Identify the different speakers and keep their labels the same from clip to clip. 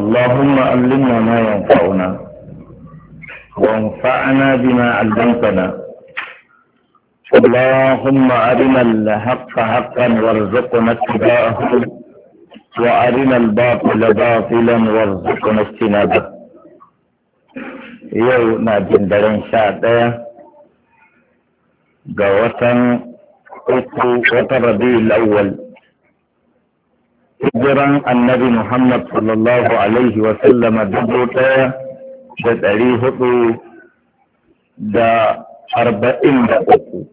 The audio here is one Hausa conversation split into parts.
Speaker 1: اللهم علمنا ما ينفعنا وانفعنا بما علمتنا اللهم أرنا الحق حقا وارزقنا اتباعه وأرنا الباطل باطلا وارزقنا اجتنابه يوم na jin daren sha ɗaya ga الاول hijiran annabi Muhammad sallallahu Alaihi wasallama dubu ɗaya da ɗari hudu da arba'in da uku.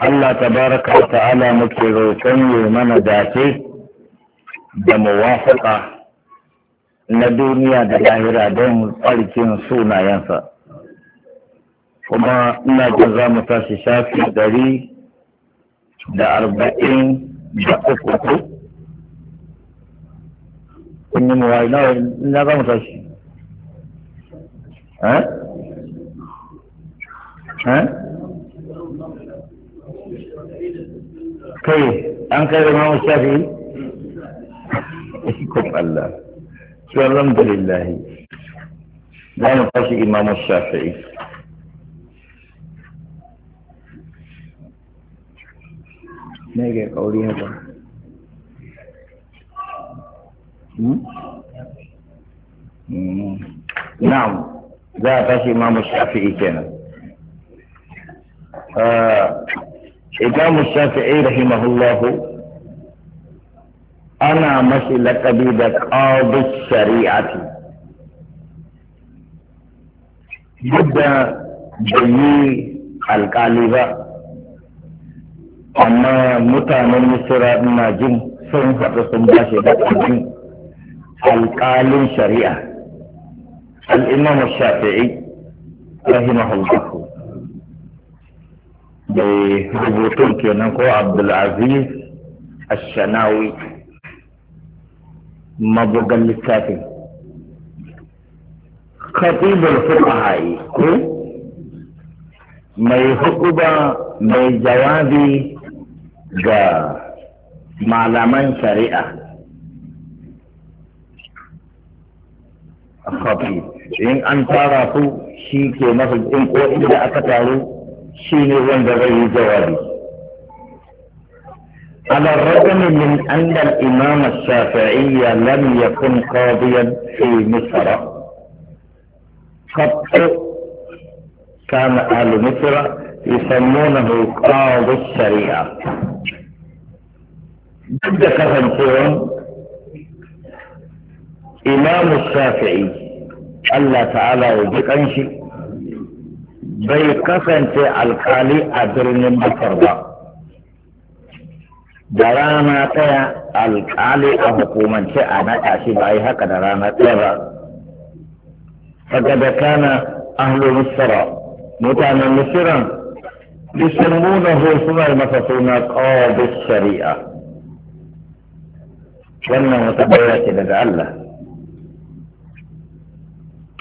Speaker 1: Allah tabaraka wa ta'ala muke roƙon yi mana dace da muwafaƙa na duniya da lahira don tsarkin sunayensa. Kuma ina jin za mu tashi shafi ɗari da arba'in da uku kun yi muwayi nawa na za mu tashi eh eh kai an kai si Allah su alhamdulillah za mu tashi imamu shafi'i ne ga kauri haka Hmm? Hmm. na'am za a tashi imamu shafi'i kenan ah, imamu shafi'i rahimahullahu ana mashi laƙabi da ƙaubin shari'ati duk da yi alƙali ba amma mutanen misira ina jin sun faɗi sun ba shi da ƙarfin alƙalin shari'a al'imam shafi'i rahimahullahu da rubutun kenan ko abdulaziz ashanawi mabugan littafin khatibul fuqaha'i ko mai hukuba mai jawabi ga malaman shari'a khafi in an tara su shi ke masa in ko inda aka taru shi ne wanda zai yi jawabi على الرغم من أن الإمام الشافعي لم يكن قاضيا في مصر قط كان أهل مصر يسمونه قاضي الشريعة ضد كفن إمام الشافعي الله تعالى وجيكنش بي كسنت الخالي أدرني مصر با درانا تيا الخالي أحكوما شيء أنا أشي بايها كدرانا تيا با فقد كان أهل مصر متان مصر يسمونه سنة المفصولة قاضي الشريعة كان متبعية لدى الله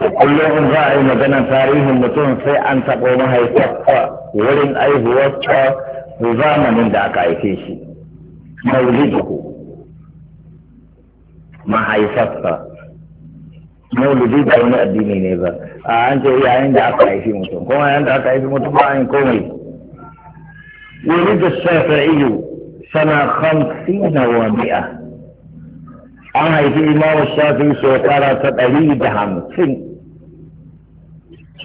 Speaker 1: kullum in za a yi maganar tarihin mutum sai an taɓo mahaifarsa wurin aihuwarsa zamanin da aka haife shi maulidiku mahaifarsa maulidi ba wani addini ne ba a an ce yayin da aka haifi mutum kuma yayin da aka haifi mutum ba an komai ولد الشافعي سنة خمسين ومئة أنا في إمام الشافعي سوكرة تقريبا خمسين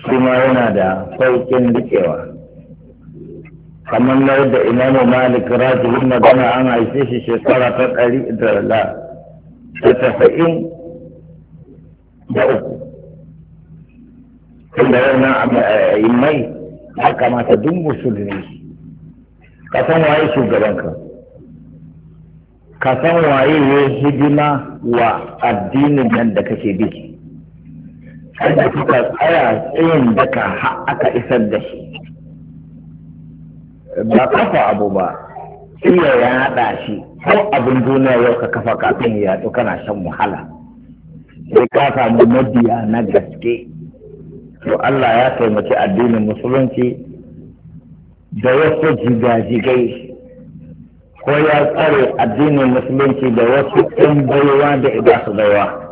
Speaker 1: ma yana da saukin rikewa kamar na da imamu malik rajulun magana an haife shi shekara ta ɗari da la ta tafa'in da uku tunda yana eh, imai ya kamata duk musulmi ka san waye shugabanka ka san waye ya hidima wa addinin nan da kake bi kada suka tsaya tsayin daka har aka isar da shi ba kafa abu ba iya ya haɗa shi ko abin duniya yau ka kafa kafin ya yaɗu kana shan wahala sai ka samu mabiya na gaske to Allah ya taimaki addinin musulunci da wasu jigajigai ko ya tsare addinin musulunci da wasu ɗan baiwa da idasu baiwa.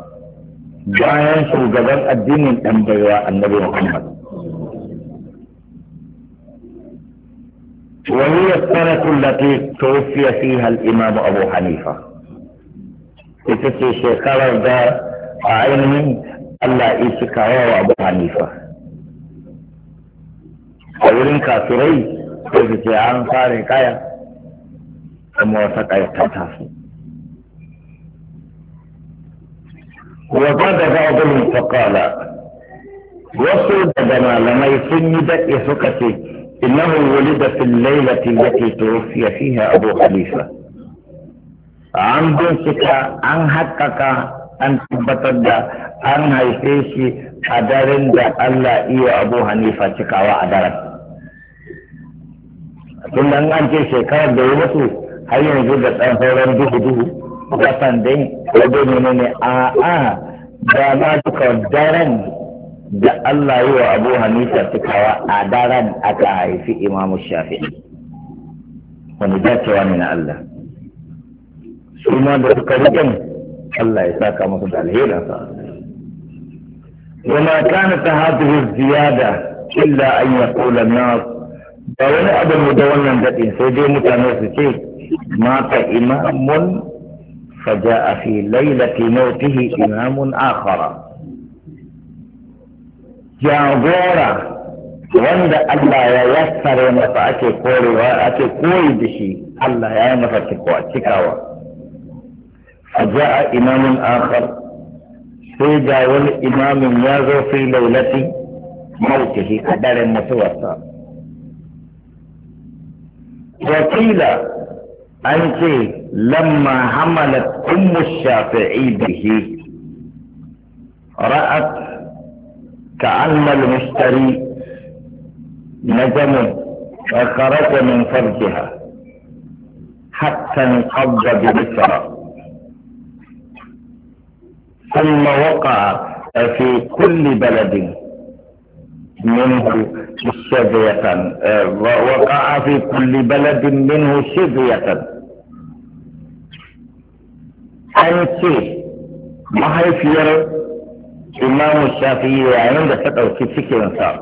Speaker 1: bayan shugaban الدين ɗan baiwa annabi Muhammad. وهي السنة التي توفي فيها الإمام أبو حنيفة تتسي شكرا دا عين ألا إيسكا أبو حنيفة أولين كافرين تتسي عن صار كايا ثم وثق يتتاسي وبعد بعضهم فقال وصل بدما لما يسن دقي فكتي انه ولد da الليله التي توفي فيها ابو خليفه عن بنتك عن حقك an tabbatar da an haife shi a daren da Allah iya abu hanifa cikawa a daren. Tun an ce shekarar da ya mutu har yanzu da ɗan sauran duhu duhu kasan dai wajen ne ne a a da ma duka daren da Allah yi wa Abu Hanifa cikawa a daren aka haifi Imam Shafi'i wani dacewa ne na Allah su ma da suka rikin Allah ya saka musu da alherinsa وما كانت هذه الزيادة إلا أن يقول الناس da wani abin da wannan daɗin sai dai mutane su ce mata فجاء في ليلة موته إمام آخر جاغورا wanda Allah ya yassare masa ake korewa ake koyi da shi Allah ya yi masa cikawa faja'a imamin akhar sai ga wani imamin ya zo fi laulati mautihi a daren an ce لما حملت أم الشافعي به رأت كأن المشتري نجم فخرج من فرجها حتى انقض بمصر ثم وقع في كل بلد منه شذية آه، وقع في كل بلد منه شذية an ce mahaifiyar imamu shafi'i yayin da ta ɗauki cikinsa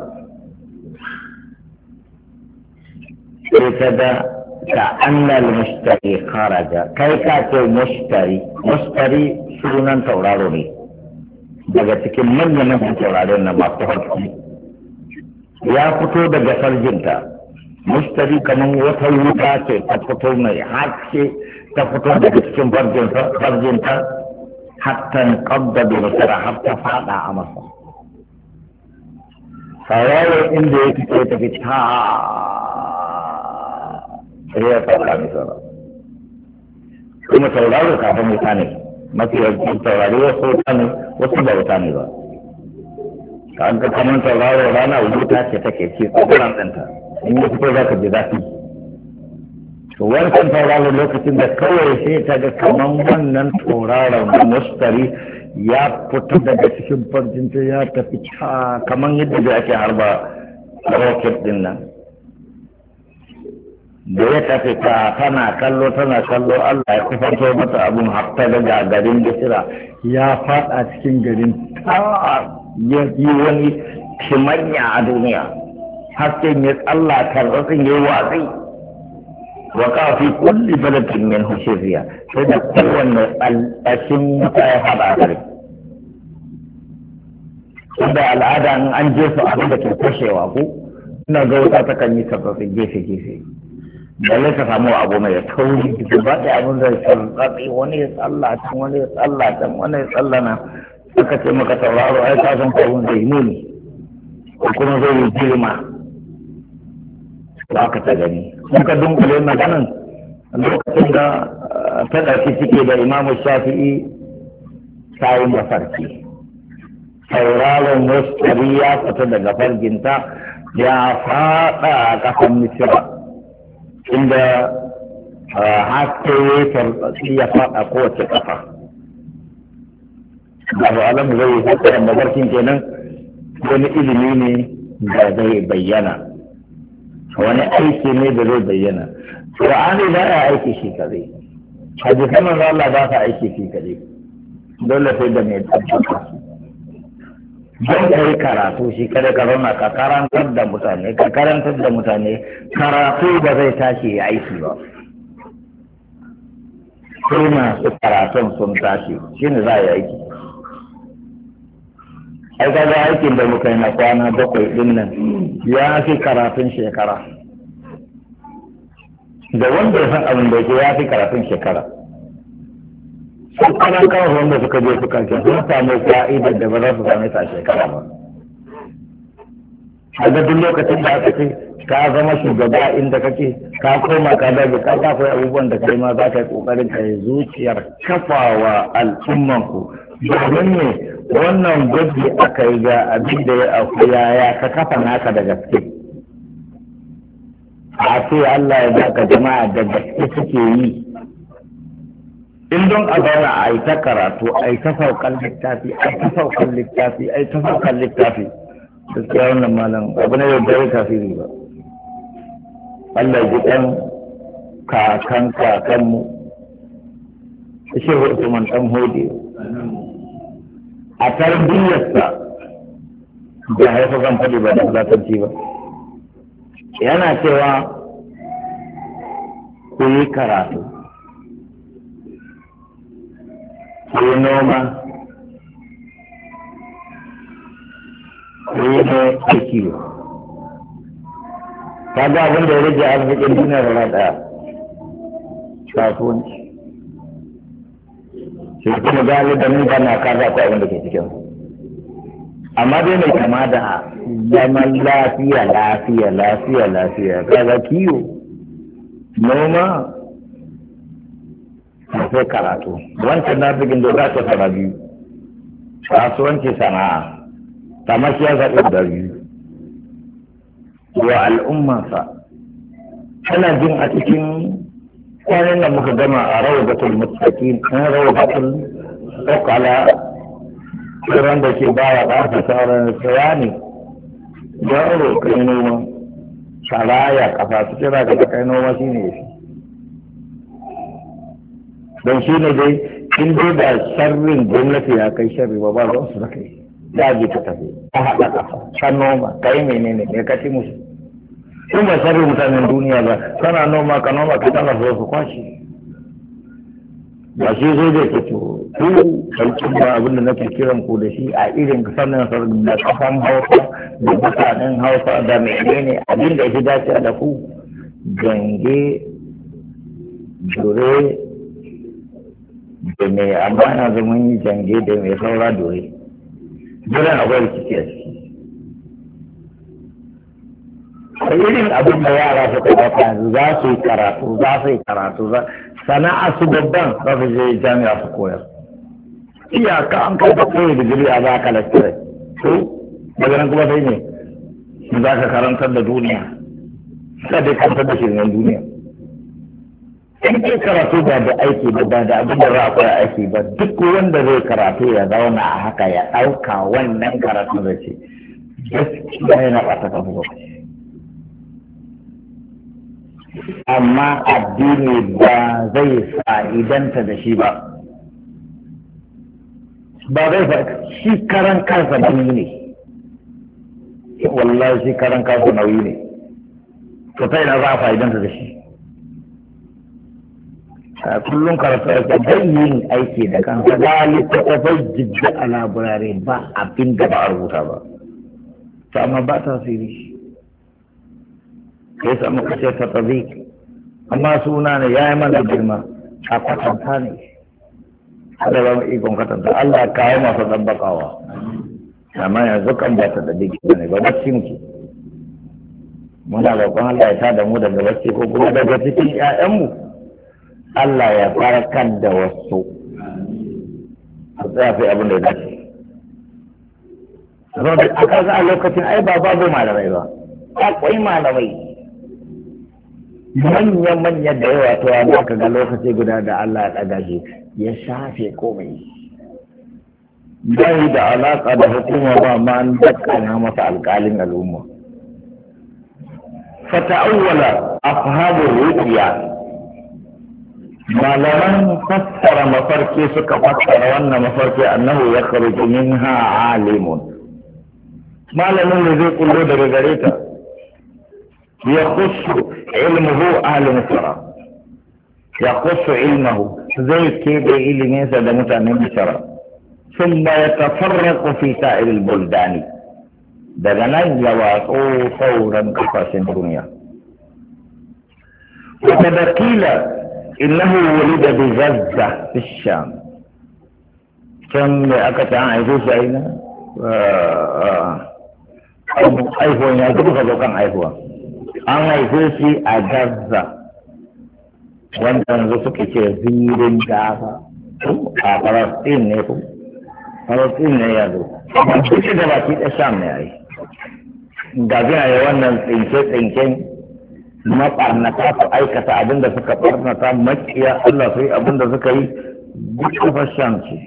Speaker 1: sai ta da ta annal mushtari kharaja kai ka ce mushtari mushtari sunan tauraro ne daga cikin manyan manyan tauraron na masu harfi ya fito daga sarjinta mushtari kamar wata wuta ce ta fito mai haske ta fito daga cikin farjinsa farjinta hatta da rasara har ta fada a masa sawaye inda ya fito ta fi ta sai ya fada masa kuma sauraro kafin wuta ne mafi yanzu saurari wasu wuta ne wasu ba wuta ne ba ka an ka kamar sauraro rana wuta ce take ce tsoron ɗanta in yi fito za ka ji zafi wancan tauraro lokacin da kawai sai ta ga kaman wannan tauraron mustari ya fita daga cikin farjinta ya tafi kaman yadda da ake harba rocket din nan da ya tafi ta tana kallo tana kallo Allah ya kusanto mata abun hafta daga garin Bisira ya fada cikin garin ta ya yi wani kimanya a duniya hasken ya tsalla karɓar ya yi watsi fi وقع min كل sai da شرية فدكتور الأسم فيحب dare. inda al'ada in an jefa abin da ke kashewa ko ina ga wata ta kan yi sabbabin gefe gefe da ya ka samu abu mai kauri da ba da abin da sarrafi wani ya tsalla can wani ya tsalla can wani ya tsalla na aka ce maka tauraro, ai ka san kawun zai nuni ko kuma zai yi girma za ka ta gani in ka dunkule maganin lokacin da eh, ta ɗarki cike da imamu shafi'i sayin da farki sauraron wasu ya fita daga farginta ya faɗa a ƙasan misira inda eh, haske ya faɗa kowace ƙafa abu alamu zai yi hakan mabarkin kenan wani ilimi ne da zai bayyana wani aiki ne da zai bayyana qur'ani ba ya aiki shi kadai hadisan manzo Allah ba ka aiki shi kare dole sai da mai tabbata don kai karatu shi kada ka zauna ka karantar da mutane ka karantar da mutane karatu ba zai tashi ya aiki ba sai masu karatun sun tashi shi ne za a yi aiki ai kaga aikin da muka yi na kwana bakwai din nan ya fi karatun shekara da wanda ya san abin da yake ya fi karatun shekara sun kana kawo wanda suka je suka ce sun samu fa'idar da ba za su same ta shekara ba a duk lokacin da aka ce ka zama shugaba inda kake ka koma ka dage ka ka abubuwan da kai ma za ka yi kokarin ka yi zuciyar kafawa al'ummanku domin ne wannan gwaji aka yi ga abin da ya auku ya ka kafa naka da gaske a ce Allah ya baka jama'a da gaske suke yi in don a zauna a yi ta karatu a yi ta saukan littafi a yi ta saukan littafi a yi ta saukan littafi gaskiya wannan malam abu ne da bai tasiri ba Allah ji ɗan kakan kakanmu shehu Usman ɗan hode a tarbiyyarsa da haifar zan faɗi ba da fulatanci ba yana cewa ku yi karatu ku yi noma ku yi kiwo ka ga abin da ya rage arzikin duniya da ɗaya kasuwanci shi kuma galiban bana na kaza ko abin da ke cikin amma dai mai kama da zaman lafiya lafiya lafiya lafiya kaga kiwo noma sai karatu wancan na bugin da za ta sana biyu kasuwanci sana'a kamar shi ya zaɓi da biyu wa al'ummansa tana jin a cikin وهنا مقدمة روضة المتحكين هنا روضة تقع على فرندا في بعض عرف سارة الفياني جاءوا كانوا شرايا قفات كذا كذا كانوا ما سينيش دون سينا جاي إن بيبا سرين جملة يا كيشابي وبالو أسرقي لا جيت تفيد أحد أخر شنوما كيميني نكتي مسلم in ba sarri mutanen duniya ba kana noma ka noma ka tana zuwa su kwashi ba shi zai da ke to ku sarkin ba abinda na ke kiran ku da shi a irin sannan sarri da kafan hausa da mutanen hausa da menene ne abinda shi dace da ku gange dure da mai amana zama yi jange da mai saura dore jiran akwai rikici a ciki irin abin da yara suka ɗauka yanzu za su yi karatu za su yi karatu sana'a su babban za su je jami'a su koyar iyaka an kai ka koyi digiri a za ka lakcire to daga nan kuma sai ne za ka karantar da duniya za ka karantar da shirin duniya in ke karatu ba da aiki ba da abin da za a koya aiki ba duk wanda zai karatu ya zauna a haka ya ɗauka wannan karatu zai ce gaskiya yana ɓata kafa amma addini ba zai fa'idanta da shi ba ba zai fa shi karan kansa nauyi ne wallahi shi karan kansa nauyi ne to ta ina za a fa'idanta da shi a kullum karatu a zai yin aiki da kansa ba littattafai jidda a laburare ba abin da ba a rubuta ba to amma ba tasiri ya samu kashe ta tabi amma suna ne ya yi mana girma a kwatanta ne hada ba mu ikon kwatanta Allah kawo masu ɗabbakawa amma yanzu kan ba ta da digi ne ba bacci muke muna roƙon Allah ya tada mu daga bacci ko kuma daga cikin ƴaƴanmu Allah ya farkar da wasu a tsafi abin da ya dace a kaga a lokacin ai ba babu malamai ba akwai malamai Manya manya da yawa ta wani ka ga lokaci guda da Allah ya shi ya shafe komai bai da alaƙa da hukuma ba ma an na masa alƙalin al'umma fata'awwala afhamu ruqiya malaman fassara mafarki suka fassara wannan mafarki annahu ya kharuju minha alimun malamin da zai kullo daga gare ta ya khushu علمه أهل مصر يقص علمه زي كده اللي ميسا ده متعلم مصر ثم يتفرق في سائر البلدان ده جنان يواصو فورا قفاش الدنيا وقد قيل إنه ولد بغزة في الشام كان اكتا عايزوش أين أيهوين يجب غزو كان أيهوين an haife shi a gaza wanda yanzu suka ce zirin gaza a falastin ne ku falastin ne yanzu amma duk da baki da sham ne ai ga gina ya wannan tsinke-tsinken maɓarnata su aikata abinda suka ɓarnata makiya Allah su yi abinda suka yi duk fa sham ce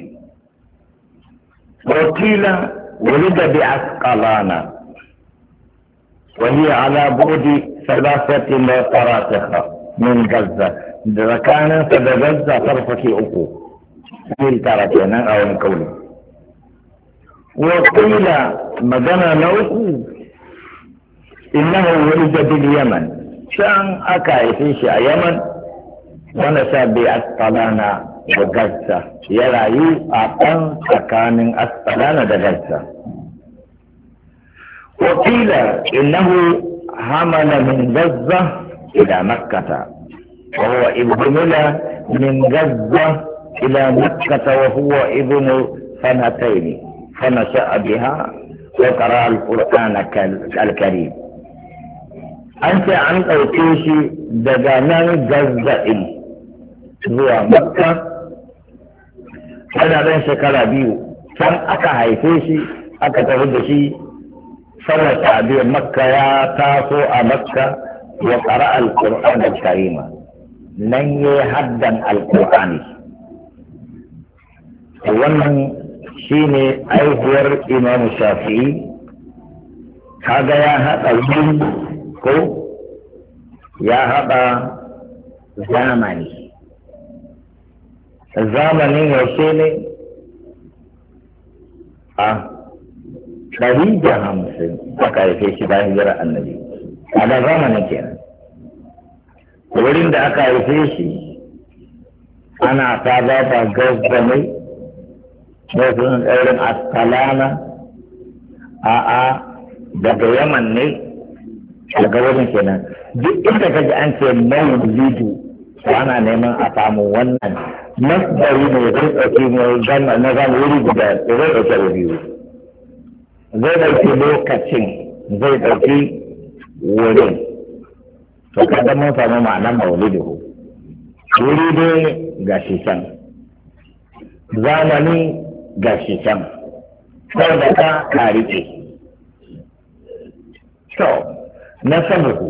Speaker 1: wakila wuri da bi askalana وهي على بعد ثلاثة متراكخة من غزة كان سد غزة طرفك أقو من تركنا أو الكون وقيل مدنا نوكو إنه ولد باليمن شان أكا يفيش يمن ونسى بأسطلانة وغزة يرأي أقن سكان أسطلانا دغزة وقيل إنه حمل من غزة إلى مكة وهو ابن من غزة إلى مكة وهو ابن سنتين فنشأ بها وقرأ القرآن الكريم أنت عن أوتيشي دجانان غزة إلي makka ana ran shekara biyu can aka haife shi aka tafi سوى تعبير مكة يا تاسو مكة وقرأ القرآن الكريم لن يهدى القرآن ومن شيني أيهر إمام الشافعي هذا يا هذا الجن كو يا هذا زامني زامني يشيني أه ɗari da hamsin aka haife shi bayan jira annabi a da zamanin kenan wurin da aka haife shi ana ta ba ta gaggame da sunan ɗaurin askalana a'a daga yaman ne daga wurin kenan duk inda kaji an ce maulidu ana neman a samu wannan
Speaker 2: masdari ne zai
Speaker 1: ɗauki na zama wuri guda zai ɗauki biyu zai ɗauki lokacin zai ɗauki wurin to kada mun samu maulidi ko wuri dai ga shi can zamani ga shi can sau da ka karike to na sabaku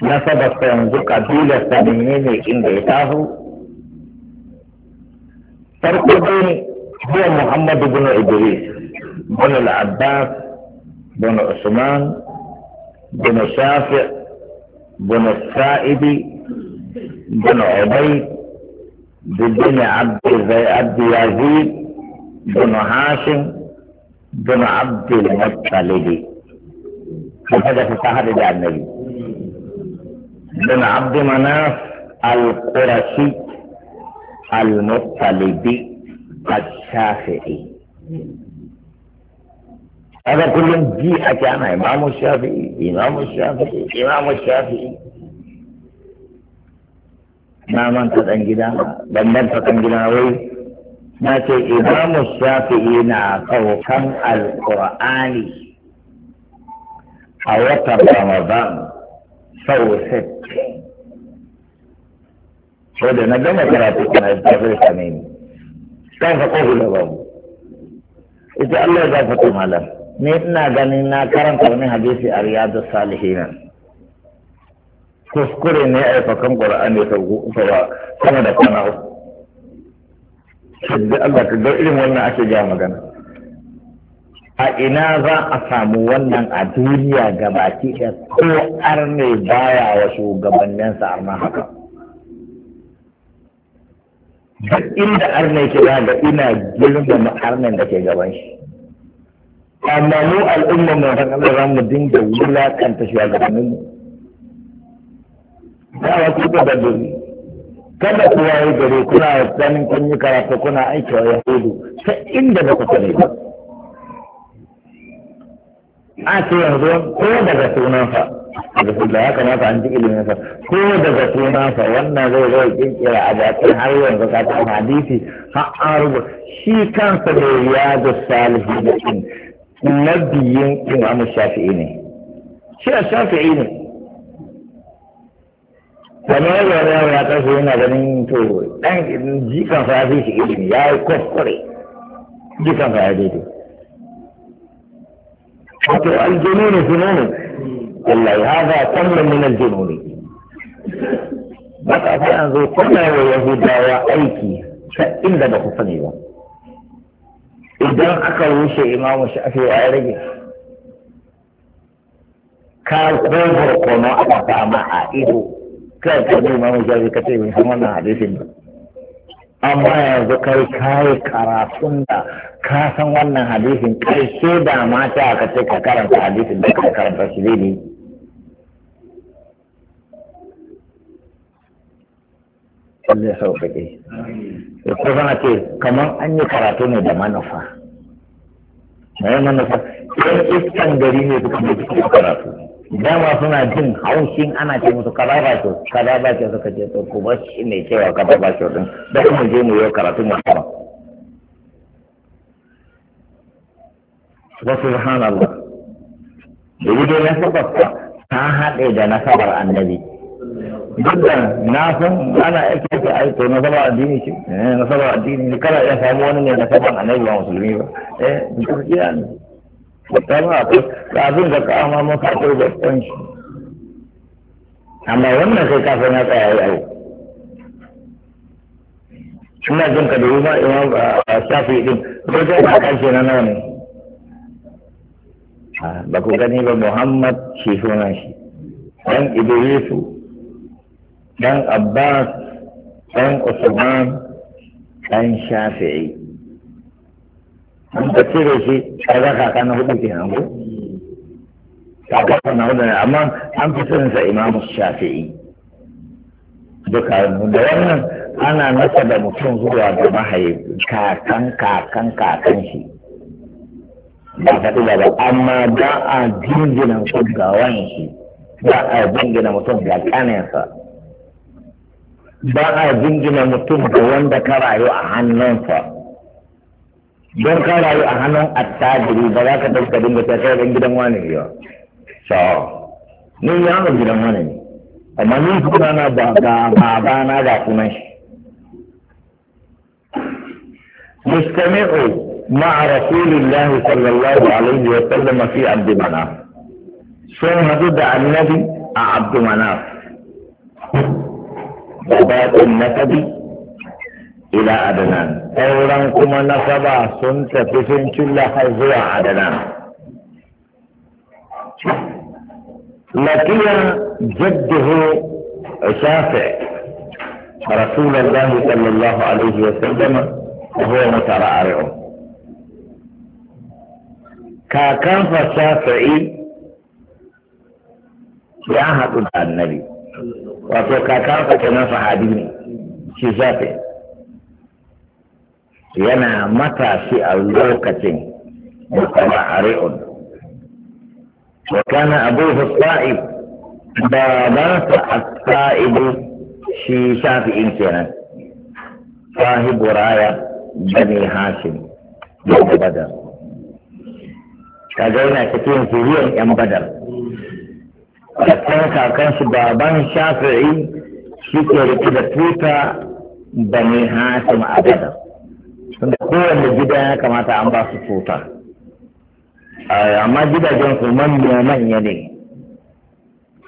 Speaker 1: na sabaka yanzu kabilar sa ne ne inda ya taso farko dai zuwa muhammadu bin idris بن العباس بن عثمان بن شافع بن السائب بن عبيد بن عبد عبد يزيد بن هاشم بن عبد المطلب هذا في صحابة النبي بن عبد مناف القرشي المطلبي الشافعي هذا كل جيء كان إمام الشافعي إمام الشافعي إمام الشافعي ما من تتنجدا بندن تتنجدا وي ما تي إمام الشافعي نا فوقا القرآن أو رمضان سو ستين هذا نجمع كراتك أنا أتفرق كان فقوه لهم إذا الله إذا فتح Ni ina ganin na karanta wani hadisi a riyadu salihina kuskure ne a yafakan ƙura'an ya ba sama da kwana uku da Allah ka ga irin wannan ake ga magana a ina za a samu wannan a duniya gabaki ɗaya ko ne baya wa shugabanninsa amma haka duk inda ne ke ga ina girmama arnen da ke gaban shi amma mu al'ummar mu san Allah za mu dinga wulakanta shugabannin mu wasu ku da dole kada ku waye gare kuna ganin kun yi karatu kuna aiki wa yahudu ta inda ba ku sani ba a ce yanzu ko daga sunan sunansa da ya kamata an ji ilimin sa ko daga sunan sunansa wannan zai zai kinkira a bakin har yanzu ka ta hadisi har an rubuta shi kansa ne ya da salihin النبيين إمام الشافعين شيء الشافعين فماذا لا يعتزلون بني تو أن جيكا فاضي في إلين يا كفري جيكا فاضي الجنون جنون والله هذا كم من الجنون بقى في أنظر كم هو يهود لا يعيكي فإن ده idan aka rushe imamu shafi ya rage ka ko barkono aka a ido kai ka ne imamu shafi ka ce mai haman na hadisin ba amma yanzu kai kayi karatun da ka san wannan hadisin kai da mata ka ce ka karanta hadisin da ka karanta shi ne. Allah ya sauƙaƙe ko zana ce kamar an yi karatu ne da manufa mai manufa ɗan iskan gari ne suka mai suka karatu dama suna jin haushin ana ce musu kaza ba kyau kaza ba kyau suka ce to ku bar shi mai cewa kaza ba kyau din da kuma je mu yi karatu mu hawa wa subhanallah da gidan ya sababta ta haɗe da nasabar annabi duk da na san ana aiki ta aiko na saba addini ce eh, na saba addini ne kana iya samu wani ne na saban annabi ba musulmi ba eh gaskiya ne ta ba akwai kafin ka kama maka akwai da shi. amma wannan sai kafin ya tsaya ya yi ina jin ka da ruwa imam shafi din ko sai ka kashe na nawa ne ah, ba ku gani ba muhammad shi sunan shi dan idrisu ɗan abbas ɗan usman ɗan shafi'i an ka cire shi za kaka na hudu kenan ko kaka na hudu ne amma an fi sanin sa imamu shafi'i duka da wannan ana nasa da mutum zuwa ga mahayi kakan kakan kakan shi ba ka da ba amma ba a jinginan ko ga shi ba a jingina mutum ga ƙaninsa ba a jinjina mutum da wanda ka rayu a hannunsa don ka rayu a hannun attajiri ba za ka dauka dinga ta kai dan gidan wani ne so ni ya ga gidan wani ne amma ni kuma na ba ga baba na ga kuma shi mustami'u ma'a rasulillah sallallahu alaihi wa sallam fi abd manaf sun hadu da annabi a abd manaf da baƙin ila adanan sauran kuma nasaba sun tafi sun cilla har zuwa adanan lakiya jaddihu shafi رسول الله صلى الله عليه وسلم وهو مترعرع كاكان فشافعي يا النبي wato kakansa kenan sahabi ne shi zafi yana matashi a lokacin mutuwa a ri'un kana abu hussa'i ba ba su hussa'ibu shi shafi in kenan sahibu raya bani hashim yan badar kaga yana cikin zuriyar yan badar kakan kakansu baban shafi'i shi ke rike da tuta bani hasim a gadar tunda kowanne gida ya kamata an ba su tuta amma gidajen su manya manya ne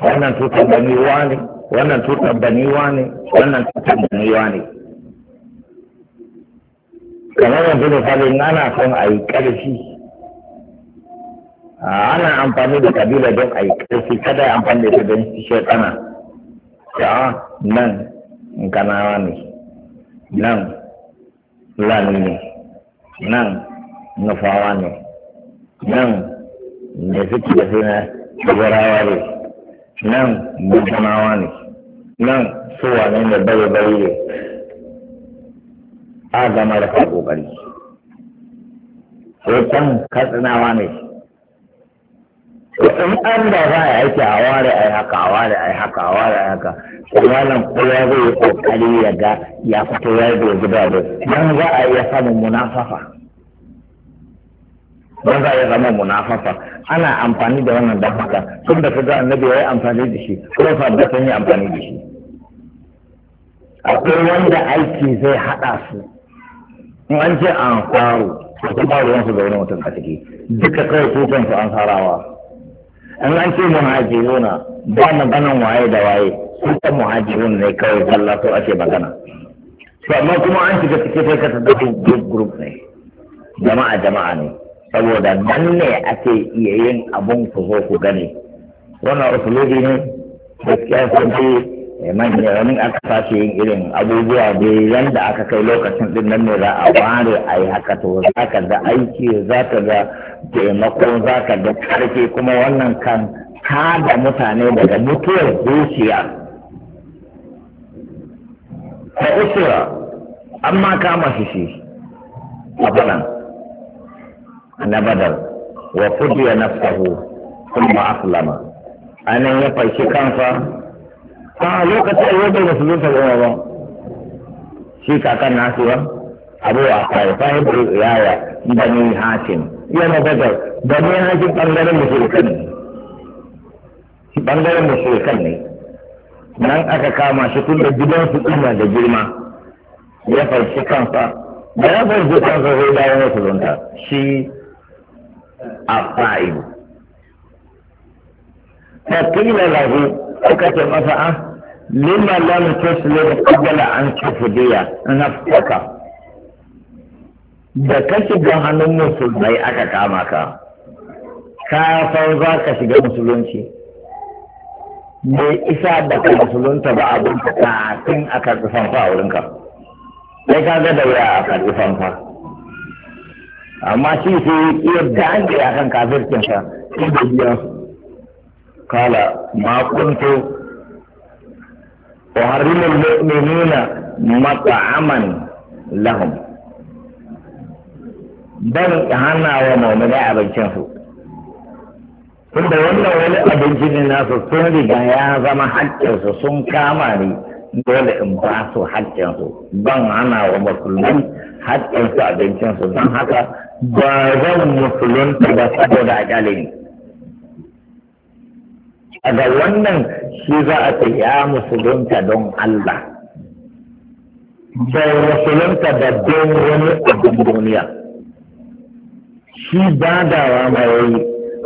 Speaker 1: wannan tutar bani ne, wannan tutar bani ne, wannan tutar bani ne. kamar yanzu da falin ana son a yi ƙarfi ana amfani da kabila don a yi ƙarfi kada ya amfani da ita don shekana ya nan ganawa ne nan lani ne nan nufawa ne nan da suke da sai na tsibirawa ne nan bujanawa ne nan suwa ne da bare bare ne a zama da fa kokari sai can katsinawa ne in an za a aiki a ware a haka a ware a haka a ware a haka malam kowa zai yi kokari ya ga ya fito ya da gida da dan za a iya samun munafafa dan za a iya samun munafafa ana amfani da wannan dan haka tun da kaga annabi ya yi amfani da shi ko fa da sun yi amfani da shi akwai wanda aiki zai hada su in an ce an faru a kuma ruwan su ga wani mutum a ciki duka kai su kansu an farawa an an ce muhajiruna ba maganan waye da waye su ta muhajirun ne kawai sallah to ake magana to amma kuma an shiga cikin sai ka tada group group ne jama'a jama'a ne saboda nan ne ake iya yin abun ku zo ku gani wannan usulubi ne gaskiya sun ce manya wani aka sace yin irin abubuwa da yanda aka kai lokacin din nan ne za a ware a yi haka to za ka da aiki za ka da taimakon za ka ga karfe kuma wannan kan kada mutane daga mutuwar zuciya ta usura ma kama shi shi a faɗan na badar wa fudiya nafsahu kuma aslama anan ya fashi kansa a lokacin yadda musulunta goma ba shi kakan nasuwa abuwa abu a kai fahimtar yaya bani hatim yana badar da ne hajjin ɓangaren musulkan ne ɓangaren musulkan ne nan aka kama shi tun da gidan su ina da girma ya farci kansa da ya farci kansa sai da yana zonta shi a fa'ilu ta kila lahu aka ce masa a lima lam da qabla an na nafsaka da ka shiga hannun musulmai aka kama ka ka san za ka shiga musulunci me isa da ka musulunta ba abin kafin a karɓi fanfa a wurinka sai ka ga da wuya a karɓi fanfa amma shi sai iya an a kan kafircin sa sai da biya kala ma kuntu nuna mu'minina aman lahum dan hana wa mamunai abincinsu tunda wannan wani abinci ne nasu sun riga ya zama haƙƙinsu sun kama ni dole in ba su haƙƙinsu ban hana wa musulmi haƙƙinsu abincinsu don haka ba zan musulunta ba saboda a A daga wannan shi za a ce ya musulunta don Allah bai musulunta da don wani abin duniya shi badawa ma ya yi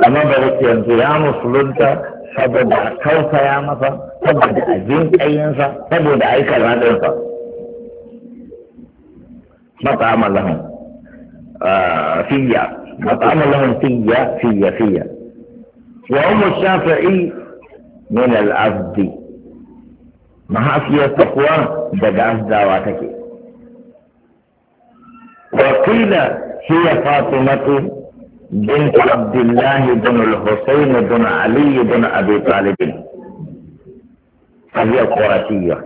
Speaker 1: amma ba da yanzu ya musulunta saboda ya masa saboda ajin kayansa saboda aika aikar raɗinsa mata'ama lahun fiya mata lahun fiya fiya fiya wa umu shafi'i min al'abdi mahafiyar kuwa daga asdawa take wa kila هي فاطمة بنت عبد الله بن الحسين بن علي بن أبي طالب فهي قرشية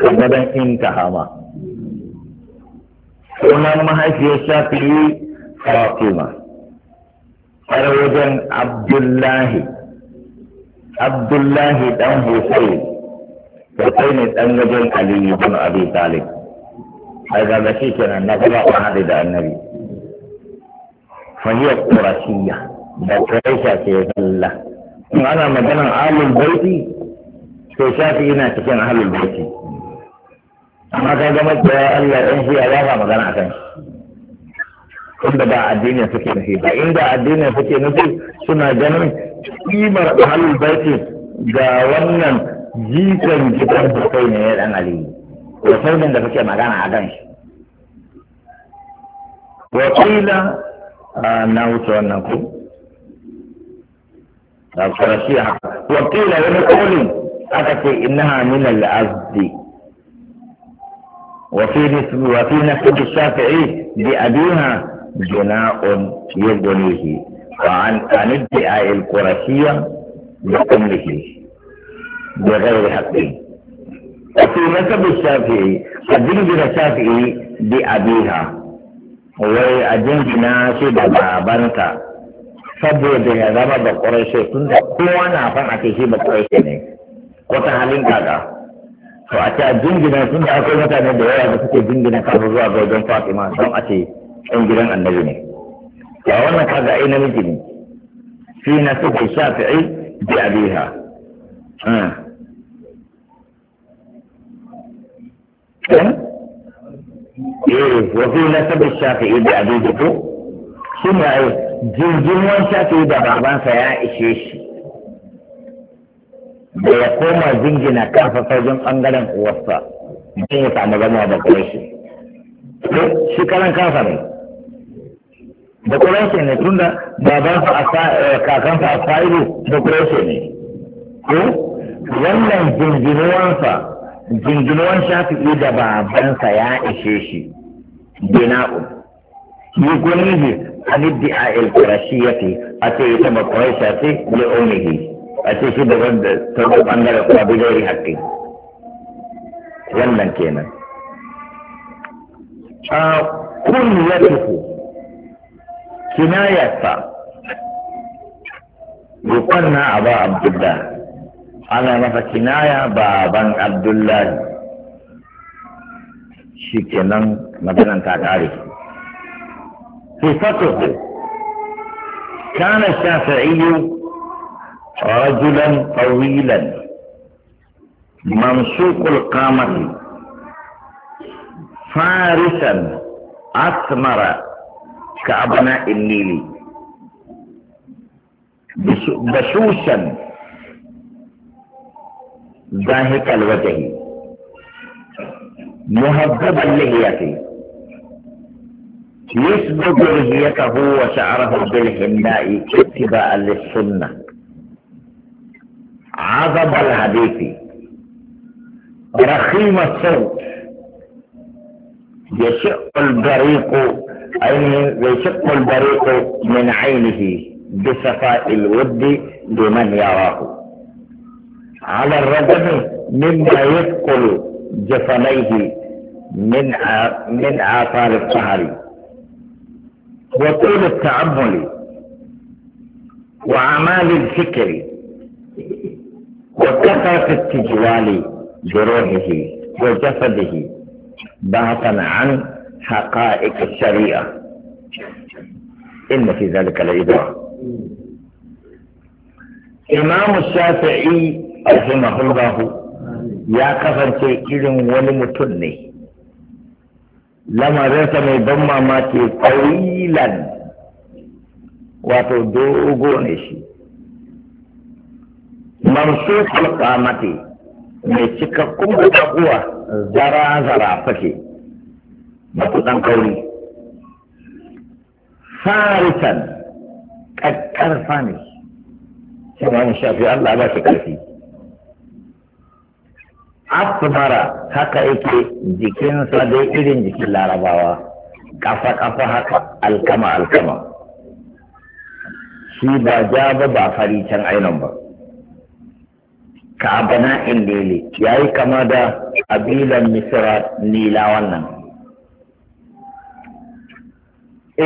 Speaker 1: أبدا انتهى ما هنا ما هي شافعي فاطمة أروجا عبد الله عبد الله بن حسين حسين بن علي بن أبي طالب هذا بشيء كان نقرأ هذا النبي fahiyar ƙorashiya da ƙuraisha ce zalla in ana maganan alul baiti Sai shafi yana cikin alul baiti amma ka zama da Allah ɗan shi ya ba magana a akan Inda ba addinin suke nufi ba inda addinin suke nufi suna ganin kimar alul baiti ga wannan jikan gidan kai ne ya dan Aliyu Hussein da suke magana a kan shi wakila Ah, na wuce wannan ku da farashiya wakila wani kauli aka ce innaha min al-azdi wa fi nisbi wa fi nasbi shafi'i bi abiha juna'un yughnihi wa an anidda'a al-qurashiyya bi umrihi bi ghairi haqqin wa fi nasbi shafi'i adin bi shafi'i bi abiha wai a jingina shi da babanta saboda ya zama da ƙwarashe tun da kowa na fan ake shi ba ƙwarashe ne ko ta halin kaga to a ce a jingina tun da akwai mutane da yawa da suke jingina kafin zuwa ga wajen fatima don a ce ɗan gidan annabi ne to wannan kaga ai namiji ne fi na suke shafi'i bi abiha Yeah. Hmm. eh wa fi nasab shafi'i da abin ko shi ne ai jirgin wan shafi'i da babansa ya ishe shi da ya koma jingina kafa sauran bangaren uwarsa mutum ya samu zama da shi shi karan kafa ne da kurashe ne tun da babansa a eh, kakansa a fa'ilu da kurashe ne ko wannan jinginuwansa jinginuwan shafi'i da babansa ya ishe shi bina'u yi ne, gunihi a iddi'a ya fi. a ce ya ba quraisha shafi, li ummihi a ce shi da wanda ta ga bangare kuma bidai haƙƙi wannan kenan a ya kulliyatuhu kinayata yuqanna aba abdullah ana masa kinaya baban abdullahi shi kenan maganan ta kare sifatuhu kana shafi'iyu rajulan tawilan mamsukul qamati farisan asmara ka abna النيل بشوشا ذاهق الوجه مهذب اللحية يسبق لحيته وشعره بالحناء اتباعا للسنة عظم الحديث رخيم الصوت يشق البريق أي يشق البريق من عينه بصفاء الود لمن يراه على الرجل مما يثقل جفنيه من من آثار السهر وطول التأمل وأعمال الفكر وكثرة التجوال بروحه وجسده بحثا عن حقائق الشريعة إن في ذلك العبرة إمام الشافعي rahimahullahu ya kasance irin wani mutum ne lamarinsa mai ban mamaki kawilan wato dogo ne shi mamsu alƙamati mai cikakkun bukakuwa zara-zara fake matuɗan kauri farisan ƙaƙƙarfa ne shi wani shafi Allah ba shi ƙarfi asfara haka yake jikinsa dai irin jikin larabawa kafa kafa haka alkama alkama shi ba ja ba ba fari can ainihin ba ka abana indele ya yi kama da abilan misra nila wannan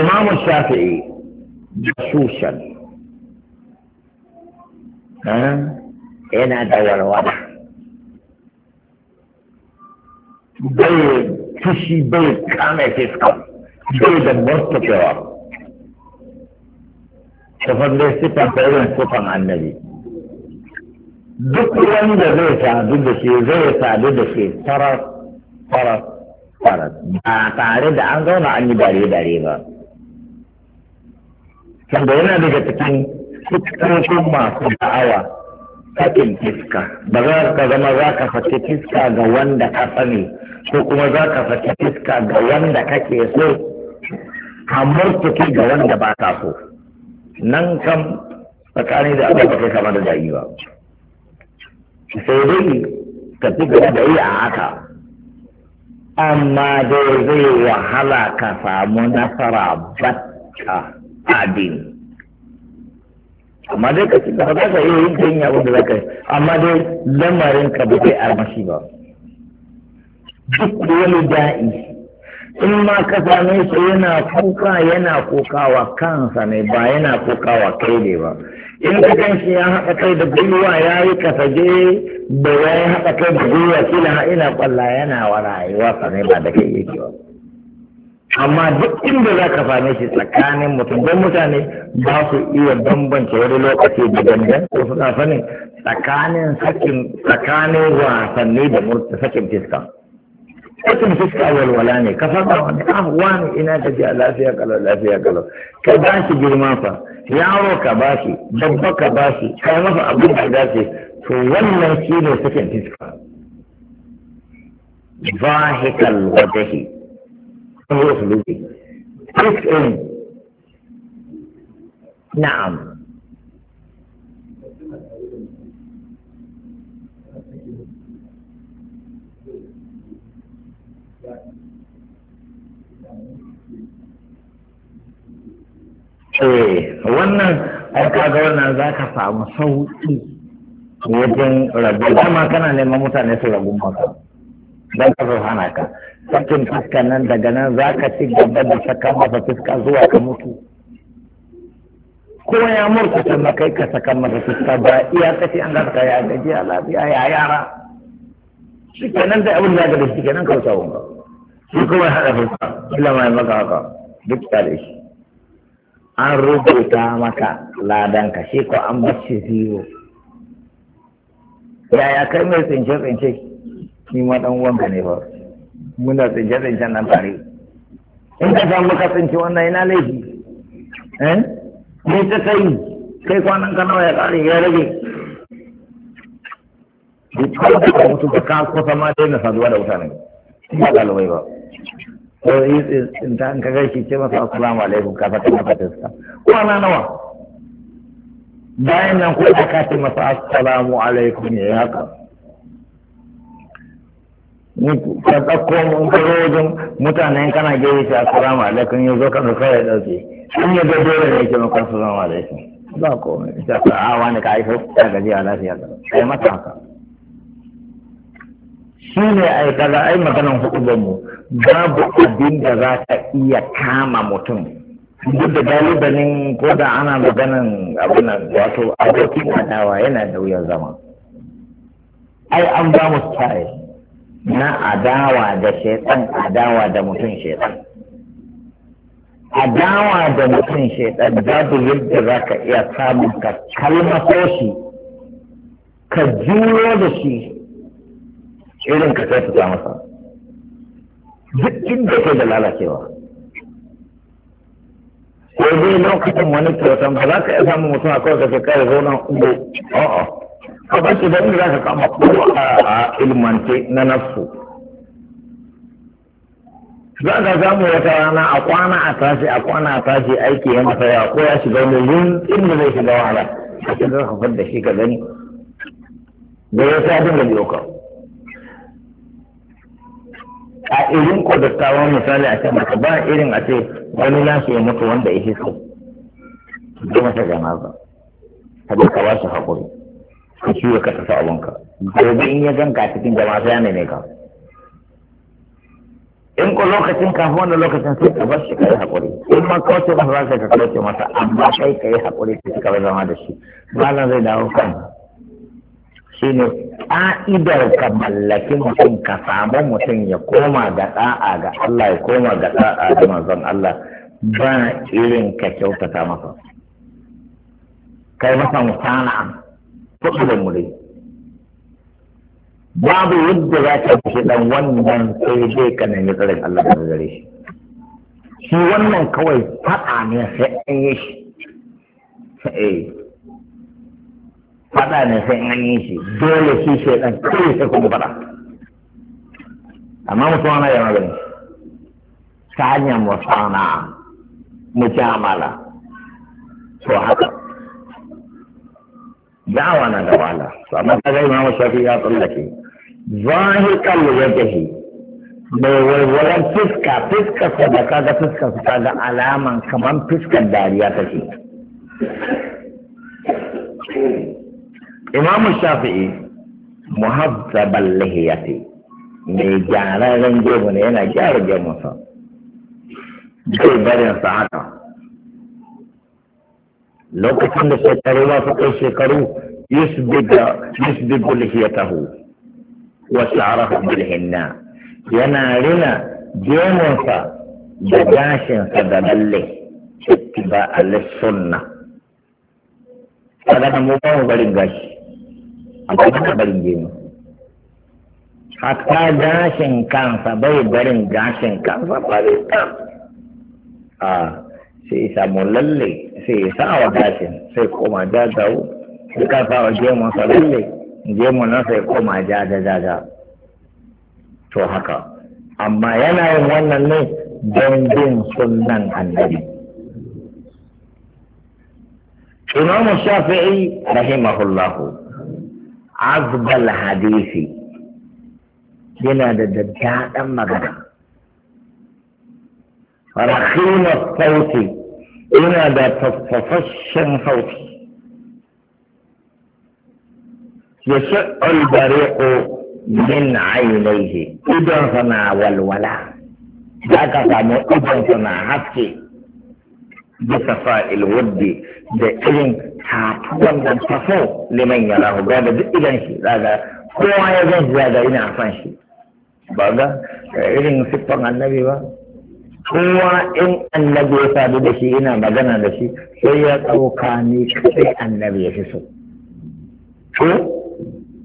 Speaker 1: imamu shafi'i shushan yana da walwala bai fushi bai kame fiska bai da murtakewa ta falle sifan ta irin sifan annabi duk wanda zai sadu da shi zai sadu da shi faras-faras, farar ba tare da an zauna an yi dare dare ba sanda yana daga cikin fuskokin masu da'awa sakin fiska ba za ka zama za ka fata fiska ga wanda ka sani ko kuma za ka saki iska ga wanda kake so ka murtuki ga wanda ba ka so nan kam tsakani da abin da kai kama da yi ba sai dai ka fi gaba da yi a haka amma dai zai wahala ka samu nasara batta adin amma dai ka ci gaba za ka iya yin kan abin da za ka yi amma dai lamarin ka bai armashi ba duk wani da'i in ma ka same shi yana kuka yana kokawa kansa ne ba yana kokawa kai ne ba in ka kan shi ya haɗa kai da gwiwa ya yi je da ya yi haɗa kai da gwiwa kila ina kwalla yana wa rayuwa sa ne ba da kai yake ba amma duk inda za ka same shi tsakanin mutum don mutane ba su iya bambance wani lokaci da gangan ko suna sanin tsakanin sakin tsakanin wasanni da sakin fiska. Aikin fuska walwala ne, ka faɗa wani ah wani ina ka a lafiya kalo lafiya kalo? Ka ba shi girma fa, yaro ka ba shi, babba ka ba shi, ka yi masa abin da dace. To wannan shi ne sakin fuska. Zahikal wajahi. Sun yi usulubi. Fuskin. Na'am. Eh, wannan ai kaga wannan za ka samu sauki wajen rabu dama kana neman mutane su rabu maka don ka hana ka sakin fuskan nan daga nan za ka ci gaba da saka masa fuska zuwa ka mutu Kuma ya murkuta makai ka saka masa fuska ba iya kace an zaka ya gaji a lafiya ya yara shi nan da abin da gaji shi nan ka samu ba shi kuma haɗa fuska illa ya maka haka duk tare shi an rubuta maka ladanka shi ko an bar shi zero yaya kai mai tsince-tsince ni ma dan uwanka ne ba muna tsince tsince nan tare in ka samu ka tsince wannan yana laifi eh ne ta kai kai kwanan ka nawa ya kare ya rage duk kwanan ka mutu ka kusa ma daina saduwa da mutane ba ɗalibai ba ko yi tsinta in ka gaishe ce masa assalamu alaikum ka fata na kwana nawa bayan nan ka ce masa assalamu alaikum ya yi haka ka ɗauko mun karo wajen kana gaishe assalamu alaikum ya zo ka in ya maka assalamu alaikum ba ah, ka aiko ta gaji a lafiya mata haka shi ne ai kaza ai maganan hukubanmu babu abin da za ka iya kama mutum duk da galibanin ko da ana maganan abinan wato abokin adawa yana da wuyan zama ai an ba mu tsaye na adawa da shaitan adawa da mutum shaitan adawa da mutum shaitan babu yadda za ka iya samun ka kalmato shi ka juyo da shi irin ka sai fita masa duk inda kai da lalacewa ko zai lokacin wani kyautan ba za ka iya samun mutum a kawai kake kare zaunan ugo a'a ka ba shi da inda za ka kama kowa a ilmance na nasu za ka samu wata rana a kwana a tashi a kwana a tashi aiki ya masa ya ko ya shiga wani yin inda zai shiga wahala a cikin da shi ka gani da ya sa dinga biyo ka a irin ko da dattawan misali a ce maka ba irin a ce wani nasu ya mutu wanda ya hiso da masa janaza ka je ka ba su haƙuri ka ciwo ka tafi abinka gobe in ya ganka cikin jama'a sai ya neme ka in ko lokacin kafin wannan lokacin sai ka bar shi ka yi haƙuri in ma kauce masa za ka kauce masa amma kai ka yi haƙuri ka ci gaba zama da shi malam zai dawo kan shi ne ka'idar ka mallaki mutum ka samu mutum ya koma ga da'a ga Allah ya koma ga da'a ga manzon Allah ba irin ka kyautata masa kai masa musana kuɗi da muri babu yadda za ka fi dan wannan sai dai ka nemi tsarin Allah da gare shi shi wannan kawai faɗa ne sai an yi shi eh. Faɗa ne sai an yi shi dole shi shi ɗan kai sai kuma faɗa. amma mutum ana yi magani. ta hanyar musana mujamala to haka dawa na da wala to amma ta ga imamu shafi ya tsallake zahiqal tafi mai walwalar fiska fiska ko da ga fiska su ga alaman kamar fiskar dariya take إمام الشافعي مهذب اللحية من جعل رنجيب هنا جعل جمسا جل برين سعادة لو كنت تتروا فقش كرو يسبق يسبق لحيته وشعره بالهناء ينالنا جمسا بجاش سبب اللي اتباع للسنة هذا مبارك لغاش amma ba barin gemu hatta gashin kansa bai barin gashin kansa bari kan a sai samu lalle sai ya sa wa gashin sai koma jajawo sai ka sa wa gemun sa lalle gemu nan sai koma ja jaja jaja to haka amma yana yin wannan ne don bin sunan annabi imamu shafi'i rahimahullahu أفضل حديثي دينا ددجا دم مغرا رخيم الصوت دينا دتفشن صوت يشع البريق من عينيه إذن فما والولا ذاك فما إذن فما حفتي بصفاء الود بإذن tatuwan da taso liman ya rahu ga da duk idan shi zaga kowa ya zan shi zaga ina son shi ba ga eh, irin siffan annabi ba kowa in annabi ya sadu da shi ina magana da shi sai ya ɗauka ni kaɗai annabi ya fi so ko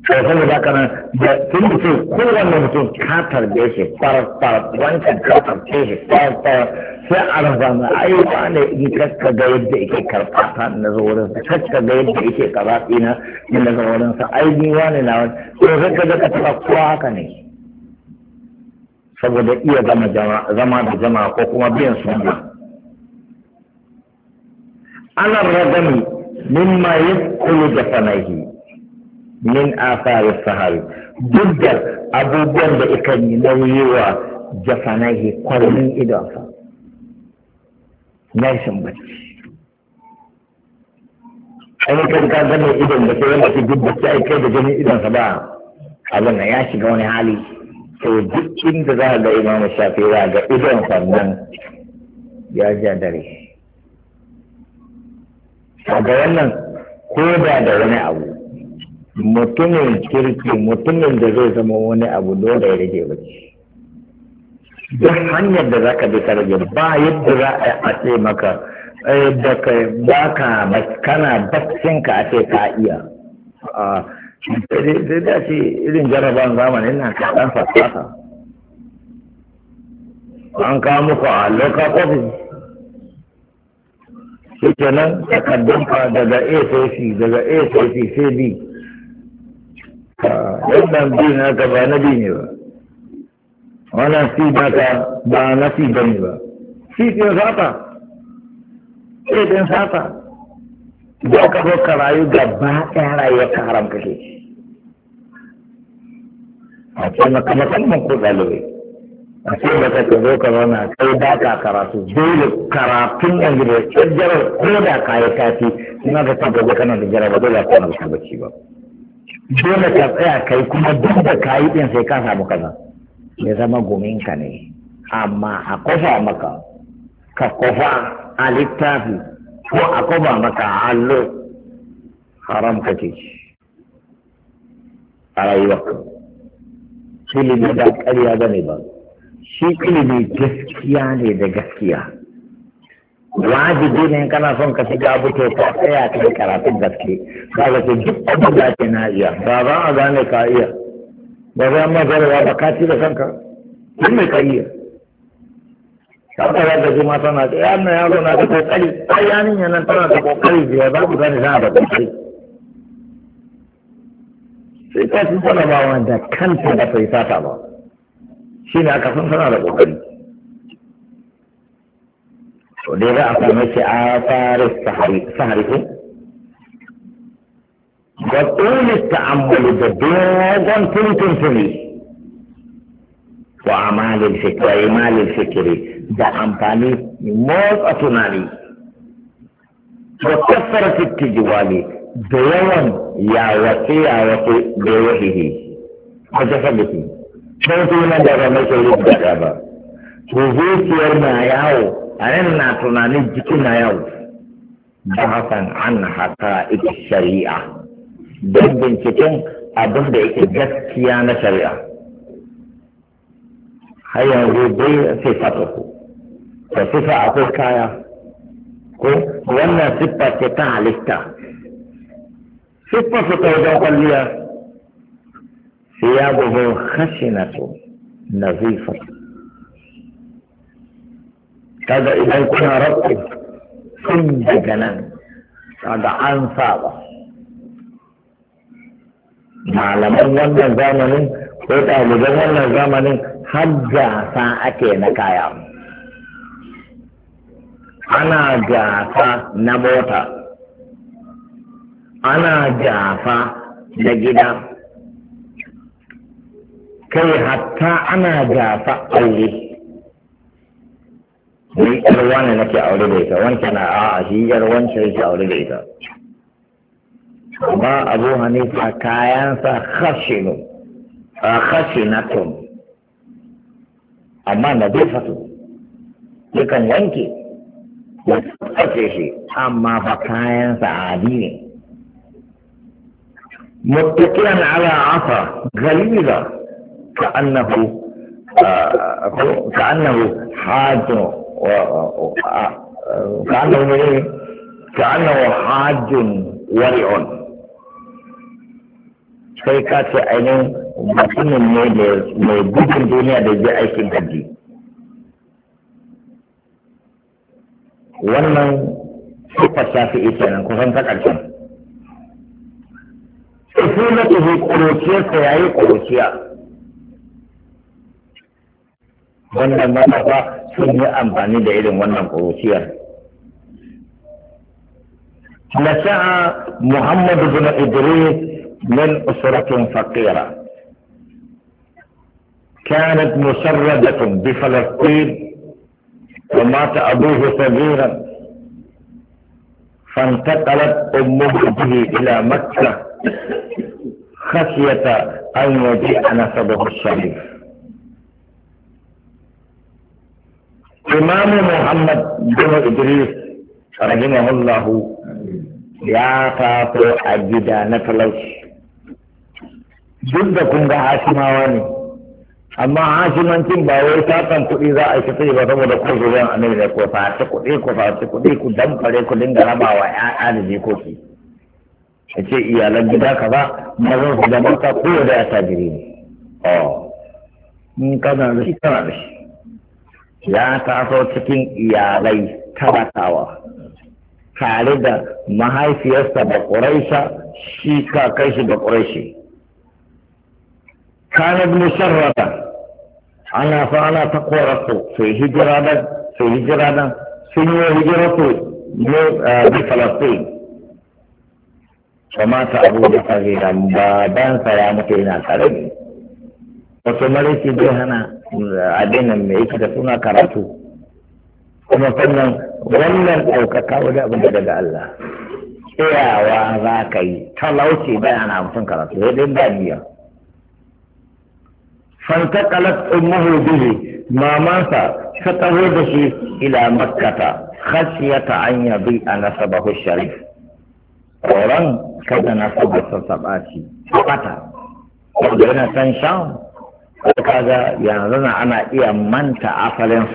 Speaker 1: to saboda da tun mutum kowanne mutum ka tarbe shi far far wancan ka tarbe shi far far sai a rafana ai ba ne in kakka ga yadda yake karɓa ta na zo sa kakka ga yadda yake karɓa ina na zo sa ai ni wani na wani to kakka ga ka kowa haka ne saboda iya zama zama da jama'a ko kuma biyan su sunna ana radami mimma yakulu jafanaihi min athari sahari duk da abubuwan da ikan yi nauyi wa jafanaihi kwallon idonsa rashin bacci ai kai ka gane idan da kai wanda ke duk bacci ai kai da ganin idan sa ba abin ya shiga wani hali to duk inda za a ga imamu shafi za ga idan sannan ya ja dare A ga wannan ko da da wani abu mutumin kirki mutumin da zai zama wani abu dole ya rage bacci duk hanyar da zaka bi ka ba yadda za a ce maka eh, da ka ba ka kana baccin ka a ce ka iya sai da shi irin jaraban zamani na ka dan fasaka an kawo muku a local office shi takardun takardunka daga a sai daga a sai sai b wannan b na gaba na b ne ba wala fi ba ka ba na fi bane ba fi fi sata sai din sata ba ka zo ka rayu gaba ɗaya rayuwar ka haram kake a ce na kama kalman ko ɗalibai a ce ba ka zo ka zauna kai ba ka karatu dole karatun yanzu da kyar jarar ko da ka yi kafi ina ka sa gobe kana da jarar ba dole ka na bacci ba dole ka tsaya kai kuma duk da ka yi ɗin sai ka samu kaza ya zama gominka ne amma a kofa maka ka kofa a littafi ko a kofa maka a allo haram kake ci a rayuwarka ilimi da ƙarya ba ne ba shi ilimi gaskiya ne da gaskiya wajibi ne kana son ka shiga abu ka tsaya kai karatun gaske ba ka ce duk abin da ke na iya ba za a gane ka iya ba za ma zara ba ka ci da kanka kin mai kariya ta tsara da juma tana da ya nan yaro na da kokari ai ya nin yana tana da kokari da ya za ku gani sana da kokari sai ka sun sana ba wanda kanta da fai sata ba shi ne aka san sana da kokari to dai za a same shi a fara sahari ko da dole ta'ammuli da dogon tuntuntuni wa amalin fikiri wa imalin fikiri da amfani motsa tunani wa kasar fitijiwali da yawan yawace yawace da wahihi a jasa da su can tunan da ba mai sauri da ba to zuciyar na yawo a nan na tunanin jikin na yawo ba hakan an haka ita shari'a don binciken abin da yake gaskiya na shari'a har yanzu dai sifa ta ku da sifa akwai kaya ko wannan sifa ce ta halitta sifa su ta wajen kwalliya sai ya gobe hashe na hashinatu nazifa kaga idan kuna rabu sun daga nan kaga an saba malaman wannan zamanin ko ɗaliban wannan zamanin har gasa ake na kaya ana gasa na mota ana gasa na gida kai hatta ana gasa aure ni yar wani nake aure da ita wancan na a'a shi wancan yake aure da ita ba abu hanifa kayansa khashinu a khashinatun amma na fatu yakan wanke ya tsarce shi amma fa kayansa adi ne muttaqiyan ala asa galiza ka annahu ka annahu hajju ka annahu ka annahu hajjun wari'un sai ka ce ainihin mutumin ne mai gudun duniya da je aikin gaji wannan sifar ita nan kusan ta ƙarshen tuhu ƙuruciyarsa ya yi kuruciya. wannan matafa sun yi amfani da irin wannan Na نشأ محمد بن إدريس من أسرة فقيرة كانت مسردة بفلسطين ومات أبوه صغيرا فانتقلت أمه به إلى مكة خشية أن يجيء نسبه الشريف
Speaker 2: إمام محمد
Speaker 1: بن إدريس رحمه الله يا فاطر أجد نفلش duk da kun ga hashimawa ne amma hashimancin ba wai sakan kuɗi za a yi ta ba saboda ko zuwan annabi da ko fata kuɗi ko fata kuɗi ku damfare ku dinga raba wa ƴaƴa da jikoki ya ce iyalan gida ka ba zan su da mata ko da ya tajiri ne oh, in kana da shi kana da shi ya taso cikin iyalai talakawa tare da mahaifiyarsa ba ƙuraisa shi kai shi ba ƙuraishi kana ibn sarrada ana fa ana ta korafu sai hijira sun yi hijira to ne bi kuma ta abu da fahira baban sa ya mutu hana mai yake da suna karatu kuma sannan wannan ɗaukaka wani abin da daga Allah tsayawa za ka yi talauci bai ana karatu sai dai ba biya فانتقلت أمه به ما مات فتوضه إلى مكة خشية أن يضيء نسبه الشريف قرآن كذا نسبه السبعاتي فقط وجدنا تنشام وكذا ينظرنا أنا إيا من تعفل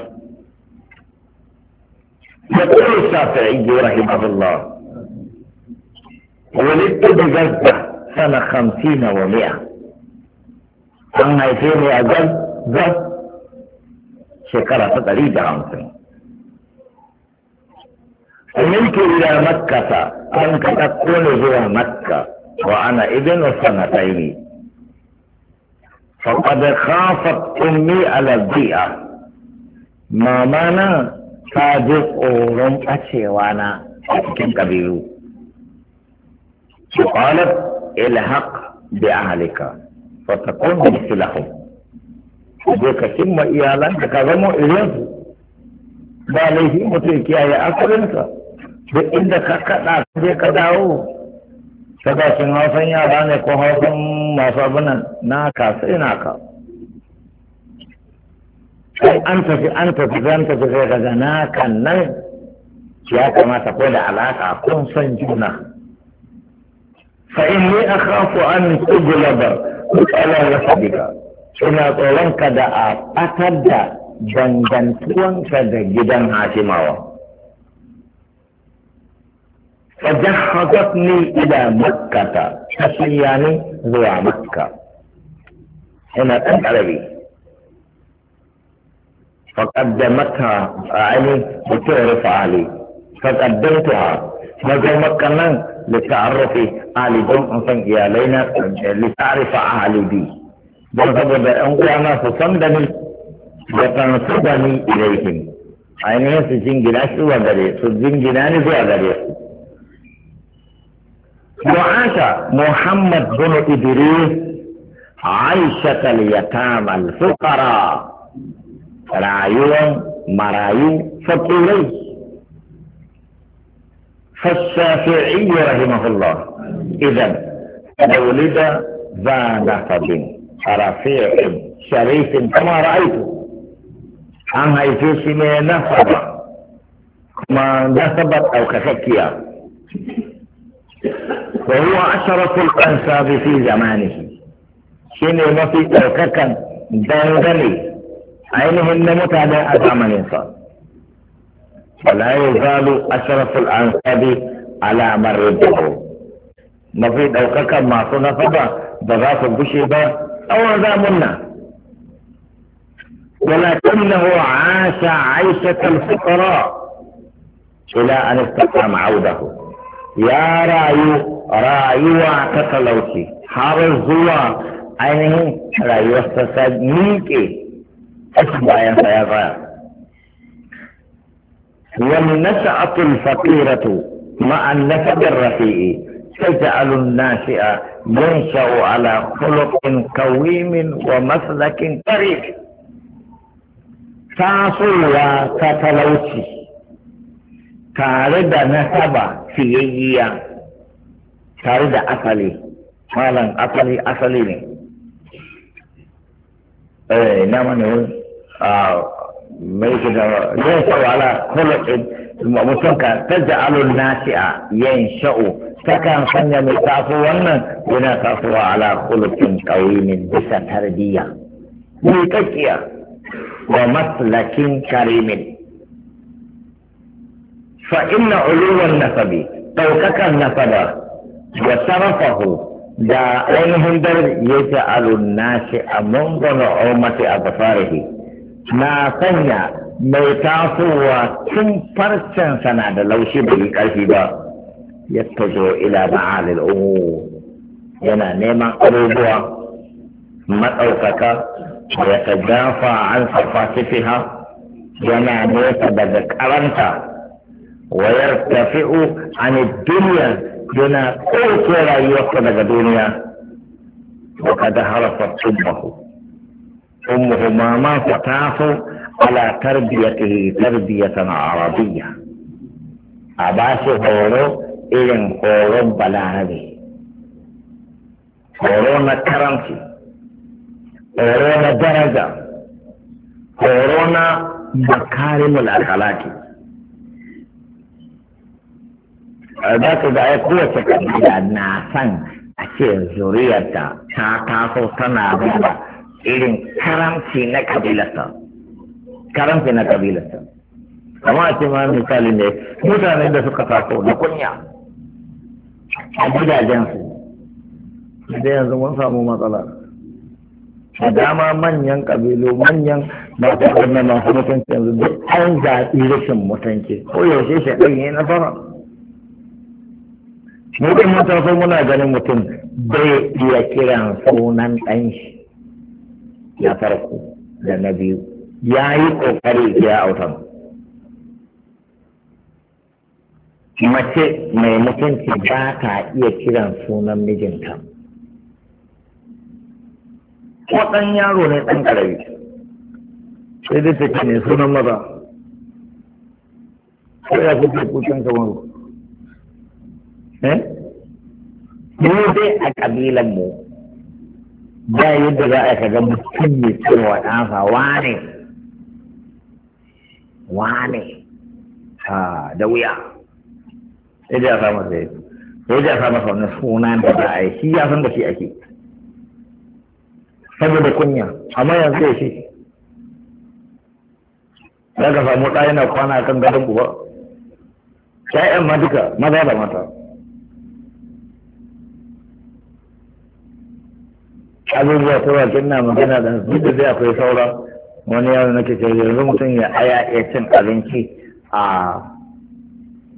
Speaker 1: يقول الشافعي رحمه الله ولدت بغزة سنة خمسين ومائه an haife ne a gal gal shekara ta ɗari da hamsin milki ila makkata an ka ɗauko ne zuwa makka wa ana ibn sanataini faqad khafat ummi ala bi'a mama na ta ji tsoron ɓacewa na a cikin ƙabilu qalat ilhaq bi halika fatakun mislahum zai ka cimma iyalan da ka zama irin su ba laifi mutum kiyaye asalinsa duk inda ka kaɗa je ka dawo ta bakin hausan yara ne ko hausan masu Na ka sai ka. sai an tafi an tafi zan tafi sai na kan nan ya kamata ko da alaka kun san juna fa in ni akhafu an tughlaba Allah ya faɗi ba. Ina tsoronka da a ɓatar da dangantuwanka da gidan hatimawa. Fajar hakwat ne ida makkata, ta shirya ne zuwa makka. Ina ɗan ƙarabi. Fakar da makka a ainihin mutuwar fa'ali, fakar dantuwa, magar makka nan لتعرف آل دون أنسان يا لينا لتعرف آل دي دون فقد أنقل أنا فصمدني وكان صدني إليهم أين هي سجن جناس هو داري سجن جناني هو داري وعاك محمد بن إدريس عائشة اليتامى الفقراء رايون مرايون فقيريش فالشافعي رحمه الله اذا ولد ذا نقب رفيع شريف كما رايت عن حيث اسم نصب كما نصبت او كفكيا وهو اشرف الانساب في زمانه شنو ما في اوككا دنغني عينه النمط على ادعم الانسان ولا يزال أشرف الأنساب على مر الدهر ما في دوكك ما صنع فبا بذات بشيبا أو ذا منا ولكنه عاش عيشة الفقراء إلى أن استقام عوده يا رايو رايو حار الزوا أنه رايو استساد أشبع يا سيا والنسعة الفقيرة مع النسب الرفيع تجعل الناشئ ينشأ على خلق قويم ومسلك طريق tasowa ta talauci tare da nasaba fiyayyiya tare da asali malam asali asali ne eh na mana a mai gida yin sawala kulakin mutunka ta ja'alul a yin sha'u takan sanya mai tafi wannan yana tasowa ala kulakin ƙawimin bisa tarbiyya mai kakkiya wa maslakin karimin fa inna uluwan nasabi ɗaukakan nasaba wa sarrafahu da ainihin dar ya ja'alun nasi a mungon umati a basarihi na sanya mai tasowa tun farcen sana da laushi bai yi ƙarfi ba ya tazo ila ma'alil umu yana neman abubuwa matsaukaka ya ta gafa an sarfa ha yana nesa daga karanta wayar tafi'u an duniya yana ɗauke rayuwarsa daga duniya wa kada harafa tumbahu أمهما ما فتاه على تربيته تربية عربية أباس هورو إلين هورو بلاهدي هورو نكرمتي هورو ندرجة هورو مكارم الأخلاق za ka ga kowace kabila na san a ce zuriyarta irin karamci na kabilarsa karamci na kabilarsa kama a ce ma misali ne mutane da suka taso da kunya a su da yanzu mun samu matsala da dama manyan kabilu manyan masu ƙarnar masu mutunci yanzu da an zaɓi rashin mutunci ko yaushe shi ɗan yi nasara mu mutum mun taso muna ganin mutum bai iya kiran sunan ɗan shi na farko da na biyu ya yi ƙoƙari ya auta. mace mai mutunci ba ta iya kiran sunan mijinta ko ɗan yaro ne ɗan ƙarami sai dai take ne sunan maza ko ya kuke kusan kamar eh ne dai a ƙabilan mu da yadda za a kaga mutum cewa ce wa ɗansa wane wane ha da wuya sai da ya sa masa yadda sai da ya sa masa wani suna da za a yi shi ya san da shi ake saboda kunya amma yanzu ya shi za ka samu ɗaya na kwana kan gadon uba ya'yan ma duka maza da mata abubuwa ta bakin na magana da duk da zai akwai saura wani yaro nake ce yanzu mutum ya aya ya cin abinci a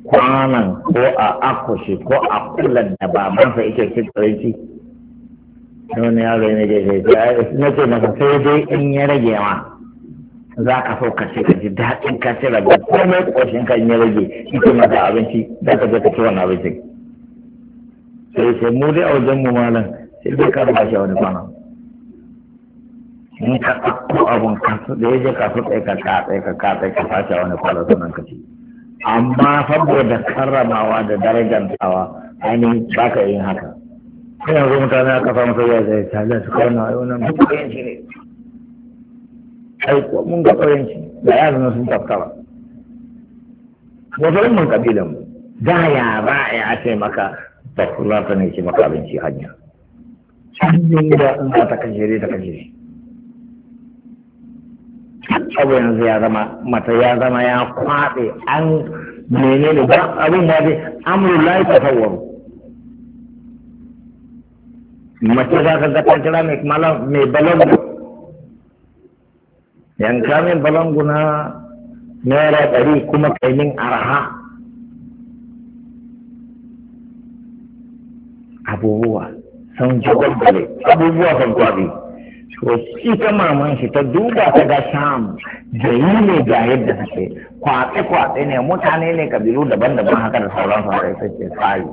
Speaker 1: kwanan ko a akwashe ko a kullum da ba mansa yake cin abinci wani yaro ya ke ce na ce masa sai dai in ya rage ma za ka so ka ce ka ji daɗin ka ce kuma komai ƙoshin ka in ya rage ita mata abinci za ka je ka ci wannan abincin sai ce mu dai a wajen mu malam sai dai ka ba shi wani kwanan in ka ɗauko abun kasu da ya je kasu tsaye ka ka ka ka ka fashe wani kwanan sannan ka ci amma saboda karramawa da darajantawa ainihin ba ka yin haka sai yanzu mutane aka samu sai ya zai tare su kawo na wannan duk ɗayan shi ne ai ko mun ga ɗayan shi da ya zama sun tafkara wasu mun kabilan mu da ya ba ya ce maka ba kula ta ne ce maka abinci hanya hanyoyi da in ka ta kashe dai ta kashe abu yanzu ya zama mata ya zama ya kwaɗe an menene ba abin ya dai amru lai tasawwaru mace za ka ga kira mai malam mai balangu yanka min balangu na naira ɗari kuma kaimin araha abubuwa sun jagwalgwale abubuwa sun kwabi to shi ta maman shi ta duba ta ga sham yi ne ga yadda take Kwaɗe-kwaɗe ne mutane ne kabilu daban-daban haka da sauran sauran sai ce tsari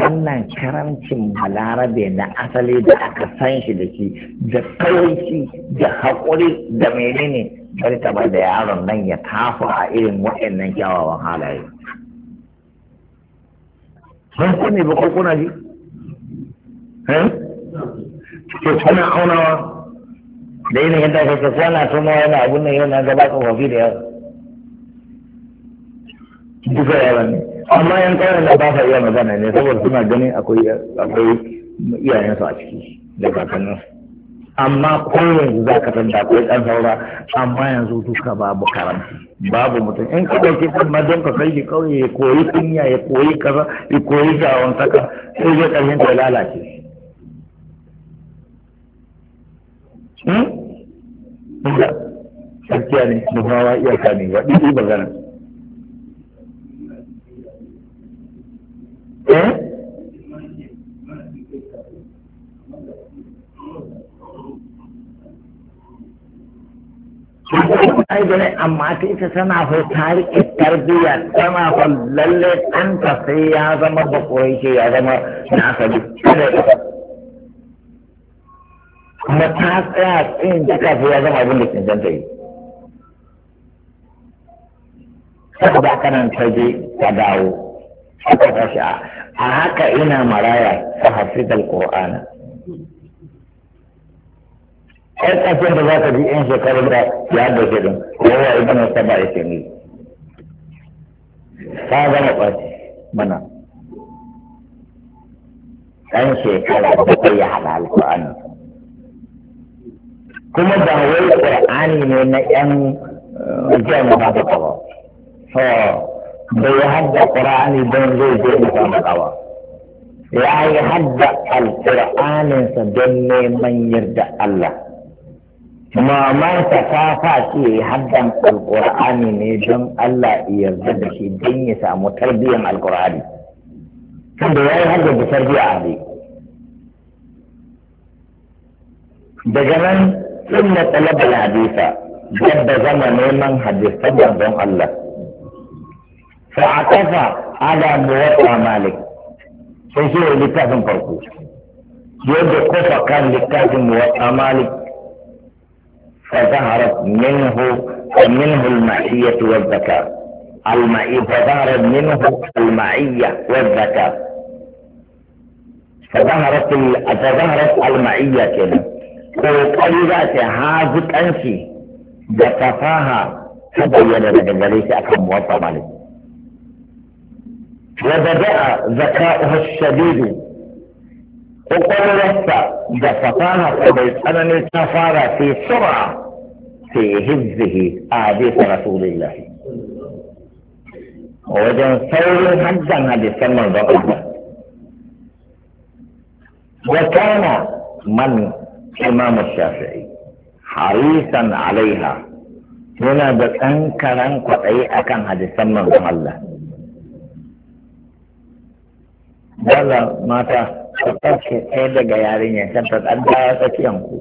Speaker 1: wannan karancin balarabe na asali da aka san shi da shi da kawai da haƙuri da menene bari ta da yaron nan ya tafa a irin waɗannan kyawawan halaye. Ban ne ba ko kuna ji? Eh? to tana aunawa da yin yadda ka ka kwana tumo yana abun nan yana gaba ka wafi da yawa duka yawa ne amma yan kawai na ba sa iya magana ne saboda suna ganin akwai iyayen su a ciki da kakannin amma kowane za ka san da akwai ɗan saura amma yanzu duka babu karanta babu mutum in ka ɗauki ɗan ma don ka kai shi ya koyi kunya ya koyi kaza ya koyi gawon saka sai zai ƙarshen ta lalace Inda, hmm? gaskiya ne, nufawa iyaka ne, eh? ai amma ta ita tana fa ta riƙe tarbiyya tana fa lalle ɗanta sai ya zama bakwai ya zama na asali kuma ta tsaya tsayin da kafin ya zama abin da cancanta yi saka ba kanan ta je ta dawo aka tashi a haka ina maraya ta hafi da al qur'ana Ƴan ƙasar da za ka bi ƴan shekaru da ya da din kowa idan wata ba ya ce ni ta zama ƙwaci mana ɗan shekaru da ya haɗa qurana kuma ba wai qur'ani ne na yan jami'a ba da kawa so bai hadda qur'ani don zai je musabaka ba ya yi hadda alqur'ani sa don neman yarda Allah mamansa ta fa ce hadda alqur'ani ne don Allah ya yarda da shi don ya samu tarbiyyar alqur'ani tunda ya yi hadda da tarbiyya abi daga nan ثم طلب الحديث جد زمن من حديث عن الله فعكف على موطا مالك فشيء لكاف فرقوش يد كفى كان لكاف موطا مالك فظهرت منه منه المعية والذكاء المعية فظهرت منه المعية والذكاء فظهرت المعية كده kokari za ta haziƙanci da fasaha ta bayyana daga gare shi akan muwatta malik wa bada'a zaka'uhu shadidu ƙwaƙwalwarsa da fasaha ta bai tsanani ta fara fi sura fi hizzihi a hadisi rasulillah wajen saurin hajjan hadisan manzon Allah wa kana man imam shafi'i harisan alaiha yana da ɗan karan akan hadisan manzon Allah mata ku ɗauke ɗaya daga yarinyar kan ta ɗan dawa tsakiyan ku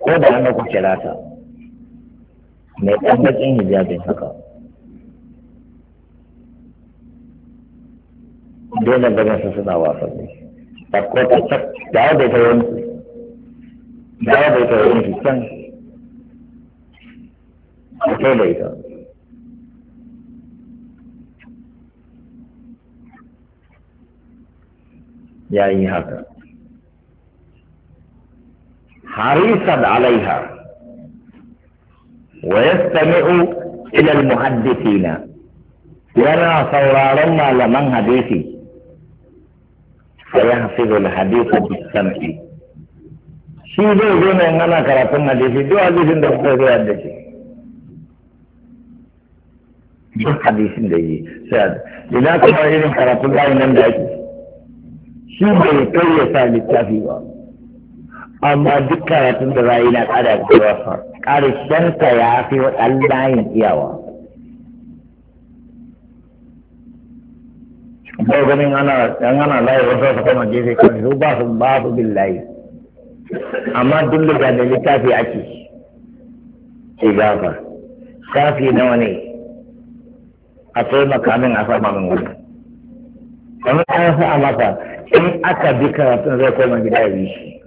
Speaker 1: ko da hannu ku kira mai ɗan baƙin hijabin haka dole العرب يتابعون في السنة وكيف يتابعون يعني هذا حريصا عليها ويستمع إلى المحدثين يرى صورا لما لمن حديثي فيحفظ الحديث بالسمع shi zai zo ne ana karatun hadisi duk hadisin da kuka zo da shi duk hadisin da yi sai irin karatun layi nan da ake shi bai kai ya sa littafi ba amma duk karatun da zai na kada cewa fa karshen ta ya fi wa layin iyawa ba ganin ana ana wasu su kama gefe kan su ba su ba su bin layi amma duk da da littafi ake ce gafa shafi nawa ne a taimaka min a sama min wani wani an sa a in aka bi karatun zai koma gida ya yi shi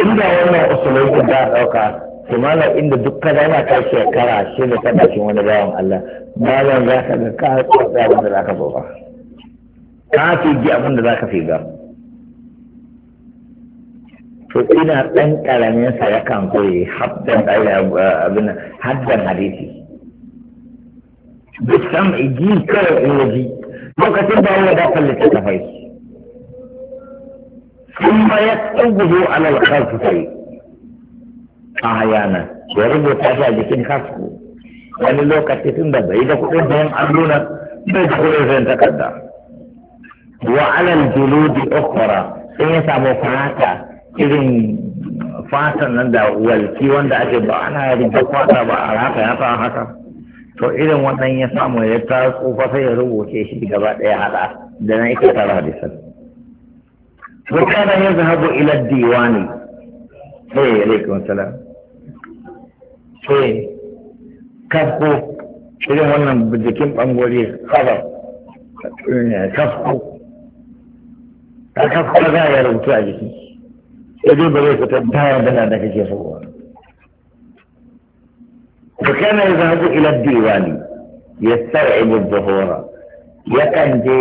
Speaker 2: inda wannan usulai
Speaker 1: da ɗauka kimanin inda duk kada yana ta shekara shi da ta bakin wani bayan Allah bayan za ka ga ka tsotsa abin da za ka zo ba ka fi ji abin da za ka fi gaba to ina ɗan ƙaramin sa kan koyi haddan eh, abin haddan hadisi bisan igi kawai in yaji lokacin da ya dafa littattafai sun ba ya tsugudu a hayana ya rubuta shi a jikin kasku wani lokaci tun da bai da kuɗin bayan alluna bai da kuɗin sayan takarda wa alal juludi ukhra sun ya samu fata irin fatan nan da walki wanda ake ba ana riga kwata ba a haka ya sa haka to irin wannan ya samu ya ta tsofa sai ya rubuce shi gaba ɗaya haɗa da na ita tara hadisan wa kana yazhabu ila diwani sai eh, alaikum salam sai eh, kafko irin wannan jikin bangore kafa eh, kafko ta kafko za ya rubutu a jiki sai ba zai fitar da yadda da kake so ba فكان يذهب إلى الديوان يستوعب ya yakan je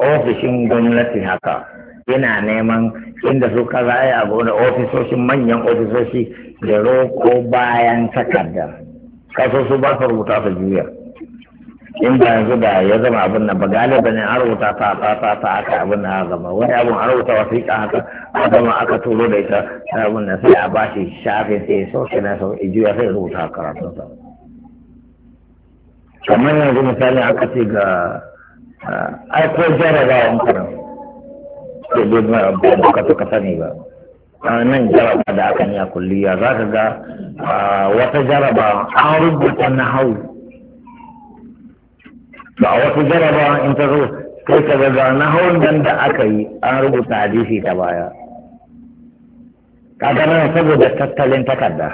Speaker 1: ofishin gwamnati haka yana neman inda su a yi abu da ofisoshin manyan ofisoshi da roko bayan takarda kaso su ba su rubuta su juya in ba yanzu da ya zama abin nan ba galiba ne an rubuta ta ta ta ta aka abin nan zama wani abin an rubuta wasiƙa haka an zama aka turo da ita abin nan sai a ba shi shafin sai ya sauke na sau juya sai rubuta sa kamar yanzu misali aka ce ga aiko jarabawan karan sai dai ba ba ka sani ba a nan jaraba da aka yi a kulliya za ka ga wata jaraba an rubuta na hau ga wasu jaraba in ta zo kai ka ga na hawan nan da aka yi an rubuta hadisi ta baya kaga nan saboda tattalin takarda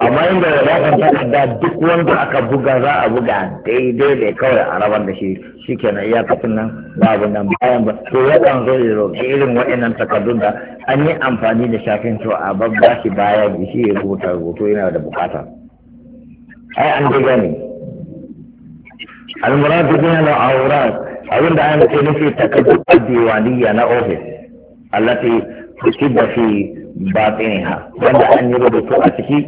Speaker 1: amma inda wadatar takarda duk wanda aka buga za a buga daidai da kawai a rabar da shi shi ke kenan iyakacin nan babu nan bayan ba to yakan zo ya roƙi irin waɗannan takardun da an yi amfani da shafin to a babba shi baya da shi ya rubuta rubutu yana da bukata ai an dai gani almuradu bin al-awrat abin da an ce nufi takaddu diwaniya na ofis allati tukiba fi batiniha wanda an yi rubutu a ciki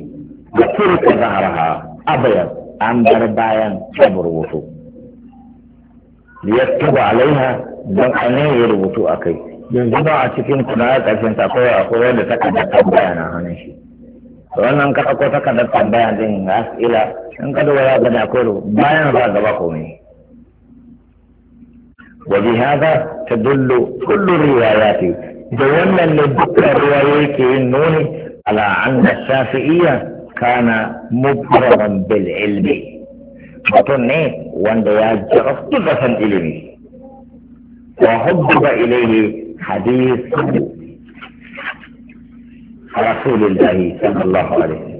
Speaker 1: da turka zaharaha abayar an bar bayan kan rubutu liyattaba alaiha don an yi rubutu a kai yanzu ba a cikin kuna ya ƙarshen ta kawai akwai wanda takardar tambaya na hannun shi wannan ka ɗauko takardar tambaya din as'ila in ka duba za ka da akwai bayan za gaba komai وبهذا تدل كل الروايات دولنا للذكر روايتين نون على أن الشافعية كان مبرما بالعلم وطني إيه؟ وان يجرف طبقا إليه وحبب إليه حديث رسول الله صلى الله عليه وسلم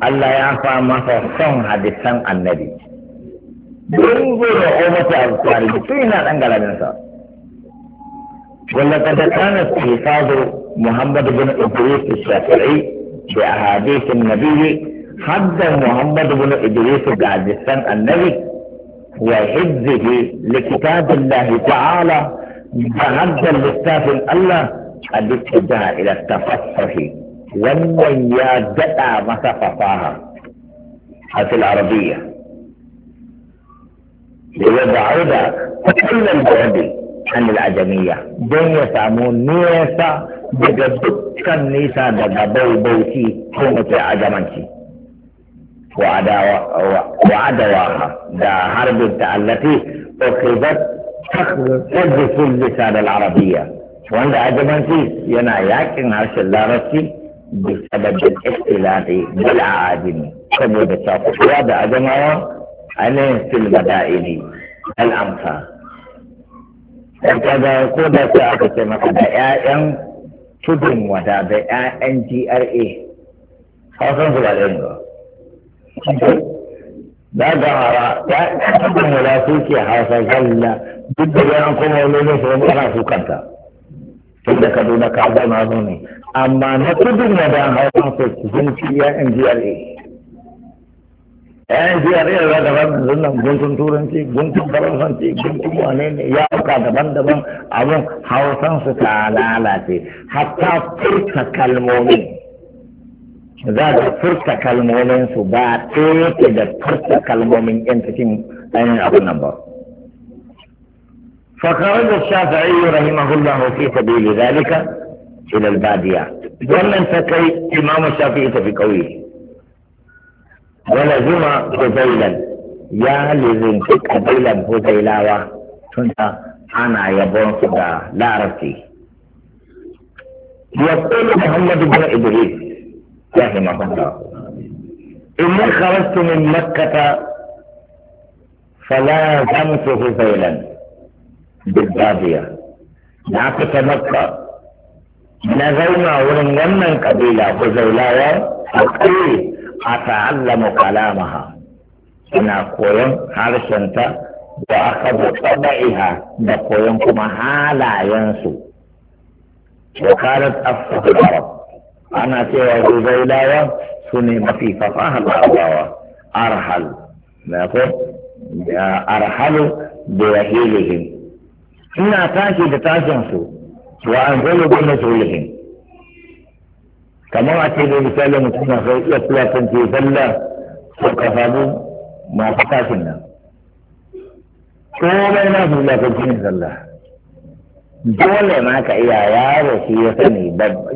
Speaker 1: Allah ya fa masa son hadisan annabi don goro o mata alƙari mutum yana ɗan galabinsa wanda kada kana tifazo محمد بن إدريس الشافعي بأحاديث النبي حد محمد بن إدريس بعدستان النبي وحفظه لكتاب الله تعالى تحدى لكتاب الله قد اتجه إلى التفصح wannan ya gada masa fasaha a fil arabiyya da auda kullum da rabi an al'ajamiyya don ya samu nesa daga dukkan nesa daga baubauci ko mutu ajamanci وعدواها ده حرب التي أخذت تقذف اللسان العربية wanda ajamanci yana yakin harshen larabci بسبب الاختلاع بالعادم كم بالتاقص وهذا أجمع عليه في المدائن الأمثال وكذا يقول سعادة مثلا أن تدم ودا بأن جي أر إي خاصة في الأنجو لا دعارة لا تدم ولا فيك حاصل جلّة بدّي أنكم أولوني فهم أنا فوقتها inda kaduna ka zama zo ne amma na kudin na da hausa su sun ci yan gra yan gra ya ban zan nan guntun turanci guntun faransanci guntun wane ne ya auka daban-daban abin hausan su ta lalace hatta furta kalmomin za ka furta kalmomin su ba ɗaya da furta kalmomin yan cikin ɗayan abin nan ba. فخرج الشافعي رحمه الله في سبيل ذلك إلى البادية ولم تكي إمام الشافعي في قويه ولزم فزيلا يا لزم قبيلا و تنسى أنا يا صدا لا عرفتي يقول محمد بن إدريس رحمه الله إني خرجت من مكة فلازمت فزيلا بالبادية لا تتبقى نزلنا ورنغنا قبيلة خزولايا أقول أتعلم كلامها أنا كويم هارشنتا وأخذ طبعها بكويم كما هالا ينسو وقالت أفضل العرب أنا سوى خزولايا سني في فصاح العرب أرحل ما أرحل برحيلهم ina tashi da tashinsu wa an zalo gwamna solihin kamar a ce ne misali mutum na sai iya ce sallah su ka samu masu tashin nan komai na su kulatance ne sallah dole ma ka iya yaro shi ya sani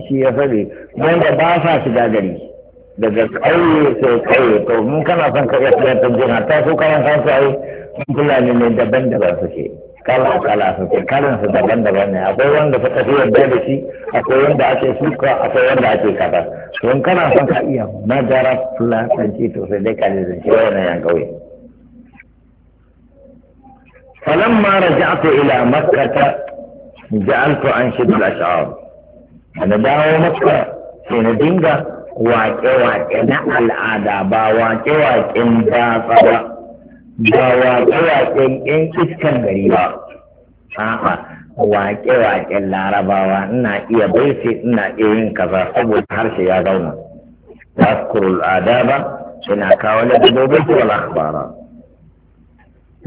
Speaker 1: shi ya sani wanda ba sa shiga gari daga tsaye ko ƙauye to mun kana son ka iya tiyantar gona ta so karan kansu ai fulani ne daban-daban suke kala kala suke kalan su daban-daban ne akwai wanda suka tafi yarda da shi akwai wanda ake suka akwai wanda ake kaza to in kana son ka iya madara fulatanci to sai dai ka lizanci wannan ila فلما رجعت إلى مكة al-ash'ar ana dawo makkah sai na dinga. wake-wake na al'ada ba wake-waken dafa ba ba wake-waken yan iskan gari ba a'a wake-waken larabawa ina iya baiti ina iya yin kaza saboda harshe ya zauna tazkuru al'adaba suna kawo ladabobin wal akhbara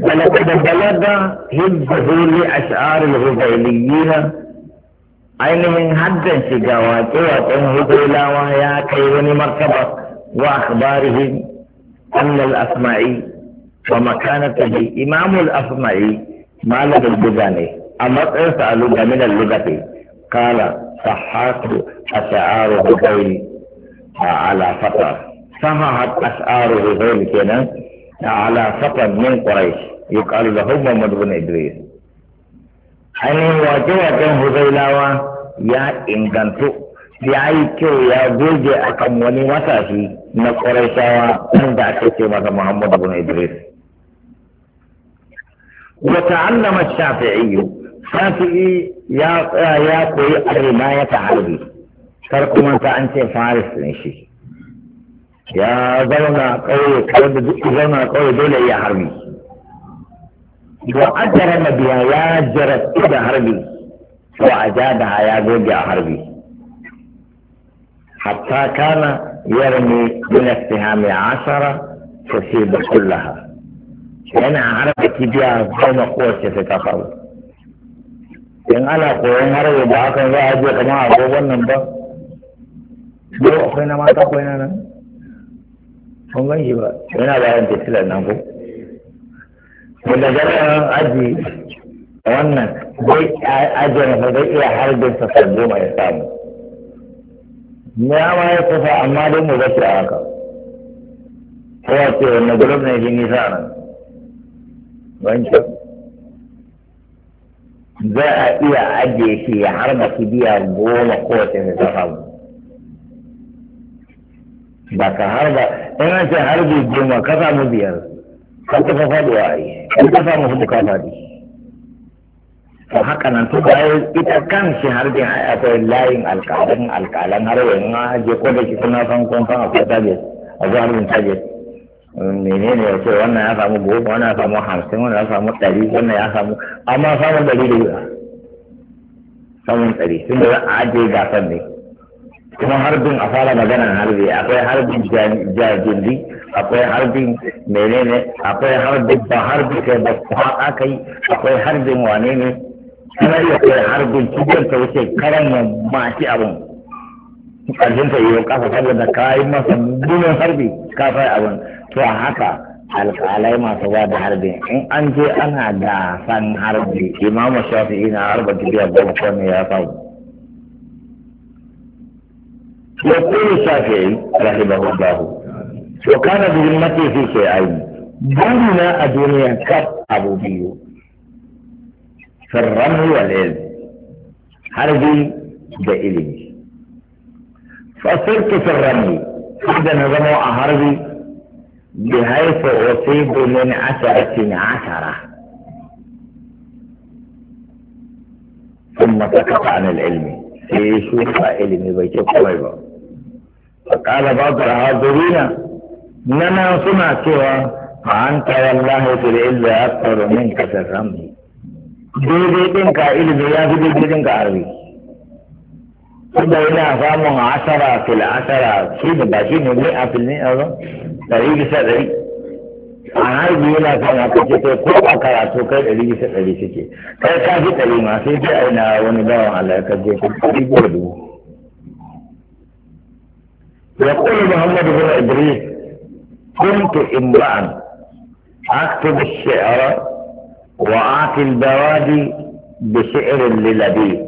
Speaker 1: ولقد بلغ حزبه لأشعار الغزيليين ainihin haddan shiga waƙe-waƙen hukulawa ya kai wani martaba wa akhbarihim anna al-asma'i wa makanatihi imam asmai malam al-buga ne a matsayinsa a luga min al-lugati kala sahhatu ash'aru gairi ala fata sahahat ash'aru gairi kenan ala fata min quraish yuqalu lahu muhammad ibn idris ainihin waje waken huzailawa ya inganto, ya yi kyau ya goge a kan wani matashi na ƙwararsawa wanda aka ce masa muhammadu bin idris wa ta'allama shafi'i shafi'i ya tsaya ya koyi arima ya ta harbi kar kuma ta an ce faris ne shi ya zauna ƙauye kawai da duk zauna ƙauye dole ya harbi wa ajara nabiya ya jarabtu da harbi a wa ajada ya goge a harbi hatta kana yarmi bin istihami ashara tusibu kullaha yana harba kibiya goma kowace ta kafaru in ana koyon harbe da hakan za a je kama agogon nan ba yau akwai na mata akwai na nan kun gan shi ba yana bayan fitilar nan ko daga ganin aji wannan zai ajiyar sa zai iya harbin sa sau goma ya samu ya ma ya kusa amma dai mu bashi a haka kowa ce wannan gulab ne shi nisa nan wancan za a iya ajiye shi ya harba shi biya goma kowace ne ta samu ba ka harba in an ce harbi goma ka samu biyar kan ta faɗuwa a yi kan ta samu hudu ka faɗi to haka nan to bayan ita kan shi har bin akwai layin alƙalan alƙalan har yanzu na je ko da shi kuna san kun san akwai target a zuwa harbin target menene ya ce wannan ya samu goma wannan ya samu hamsin wannan ya samu ɗari wannan ya samu amma samun ɗari da yawa samun ɗari tun da za a ajiye gasar ne kuma harbin a fara magana harbi akwai harbin jajirri akwai harbin menene akwai harbin ba harbi kai ba kwaɗa kai akwai harbin wane ne sanar da kai harbin cikin ta wuce karan mu mashi abin ƙarshen ta yiwu kafa saboda kayi masa gumin harbi kafa abin to a haka alƙalai masu ba da harbin in an je ana da san harbi imamu shafi'i na harba tafiya goma kone ya samu يقول الشافعي رحمه الله وكان بذمته في شيئين دون الدنيا كف ابو بيو في الرمل والعلم حربي بإلمي فصرت في الرمل بعد نظموا حربي بحيث أصيب من عشرة عشرة ثم سكت عن العلم في شوف علمي بيتي قريبا فقال بعض الحاضرين لنا سمع سوى فأنت والله في العلم أكثر منك في الرمي daidaitinka ilimi ya fi daidaitinka arwi tunda yana samun asara fil asara shi da ba shi ne mai afil ne a zan ɗari bisa ɗari a harbi yana kan haka ce kai ko a karatu kai ɗari bisa ɗari suke kai ka fi ɗari ma sai dai aina wani bawan Allah ka je ka ɗari dubu يقول محمد بن إدريس كنت امرأ أكتب الشعر واعطي البوادي بشعر للبيد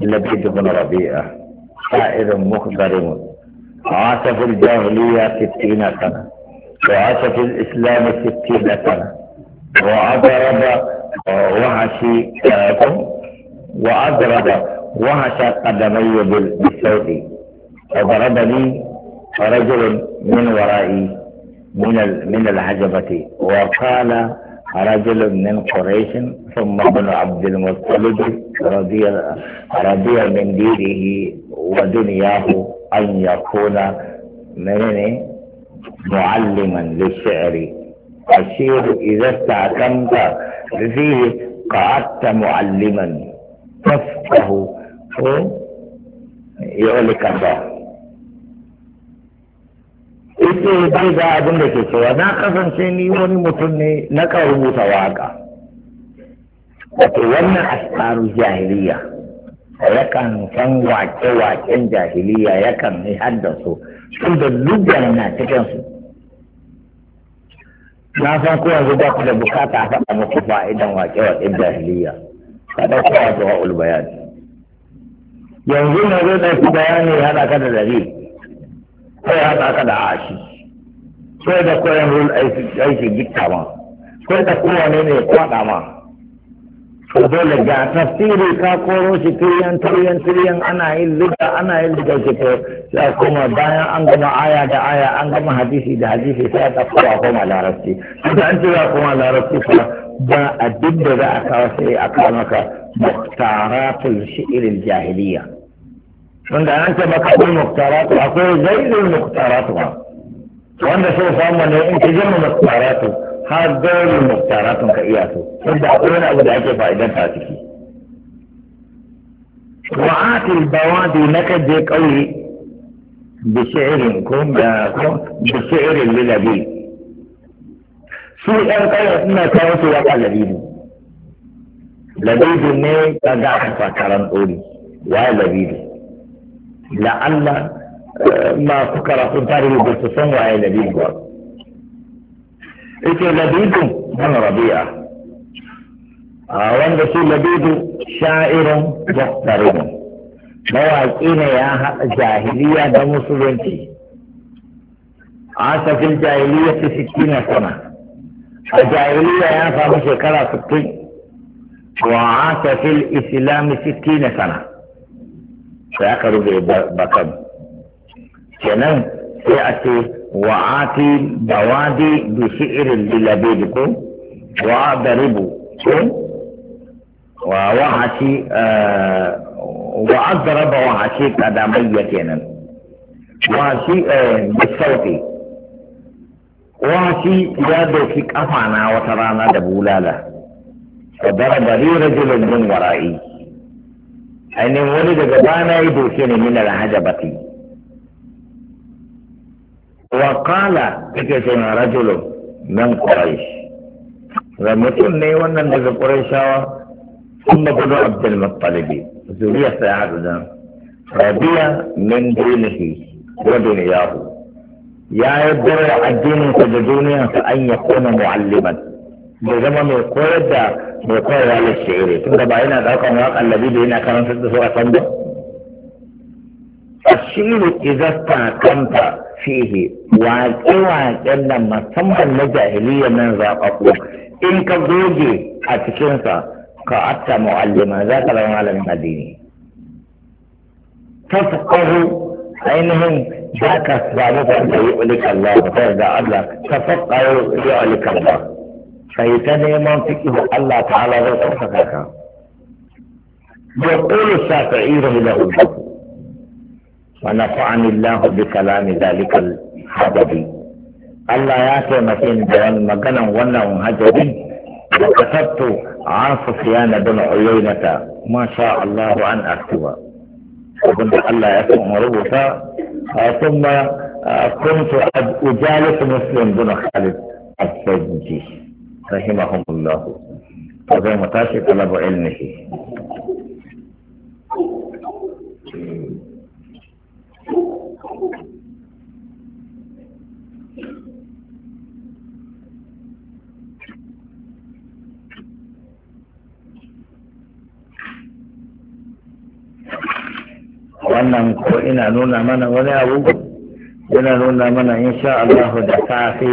Speaker 1: لبيد بن ربيعة شاعر مخبر عاش في الجاهلية ستين سنة وعاش في الإسلام ستين سنة وأضرب وهشي آه، وأضرب وهش قدمي بالسعودي فضربني رجل من ورائي من من العجبة وقال رجل من قريش ثم ابن عبد المطلب رضي رضي من دينه ودنياه أن يكون من معلما للشعر الشعر إذا استعتمت فيه قعدت معلما تفقه لك الله yake bai da abin da ke cewa na kasance ni wani mutum ne na kan rubuta waka wato wannan asfaru jahiliya ya kan san wake-waken jahiliya ya yakan yi haddasu sun da lugar na cikin su na san ko yanzu ba ku da bukata a faɗa muku fa'idan wake-waken jahiliya ka ɗauka wato wa ulbayani yanzu na zo ɗauki bayani ya haɗa ka da dalil ko ya haɗa ka da ashi ko da koyan rul aiki gitta ma ko da kowane ne kwaɗa ma to dole ga tafsiri ka koro shi tiriyan tiriyan tiriyan ana yin liga ana yin liga shi ko sai kuma bayan an gama aya da aya an gama hadisi da hadisi sai ka fara koma larabci da an ce za koma larabci fa ba a duk da za a kawo sai a kawo maka muhtaratul shi'iril jahiliya وانت انت بقبل المختارات واقول زيد المختارات وانت سوف امن إيه، انت جمع مختارات هذا دول المختارات كإياته انت اقول انا اقول اجي فائدة فاتك وعات البوادي نكد قوي بشعر كم بشعر للبي سوء ان قوي اتنا كوانت وقع لبيه لبيه ني تدعف فكرم قولي ولبيه لعل آه، ما فكر في تاريخ بالتصن وعي لبيب ور لبيب من ربيع آه، وان رسول لبيب شاعر جحتر موعد إنا يا جاهلية بمسلمتي عاش في الجاهلية في ستين سنة الجاهلية يا فامشي كلا ستين وعاش في الإسلام ستين سنة sai aka rubuta bakan kenan sai a ce wa'ati bawadi bi shi'rin lilabid ko wa daribu ko wa wa'ati wa adraba wa ashi qadamayya kenan wa shi bi sauti wa shi ya doki kafa na wata rana da bulala fa daraba li rajulun min wara'i ainihin wani daga bana yi doke ne min baki wa qala take sai na rajulu min quraish da mutum ne wannan daga qurayshawa sun da gudu abdul muttalibi zuriya sai hadu dan rabiya min dinihi wa duniyahu ya yaddara addinin addininsa da duniyarsa an yakuna mu'alliman bai zama mai koyar da mai koyar da shi'iri tun da ba yana daukan waƙan labi da yana karantar da su a kan ba ashiru ta kanta fihi waƙe-waƙen nan musamman na jahiliya nan zaɓaɓɓu in ka goge a cikinsa ka atta mu'allima za ka zama malamin addini tafqahu ainihin za ka samu fa'ida yi ulikan Allah ta yarda Allah tafqahu yi ulikan Allah kai ta neman fikihu Allah ta'ala zai ɗaukaka ka يقول الشافعي له ونفعني الله بكلام ذلك الحجبي الله ياتي متين جوان مجانا ونه حجبي وكتبت عن سفيان بن عيينة ما شاء الله عن أكتب وكنت الله يسمع ربطا ثم كنت أجالس مسلم بن خالد السجدي رحمهم الله وزي متاشي طلب علمه wannan ko ina nuna mana wani abu yana nuna mana insha Allah da safe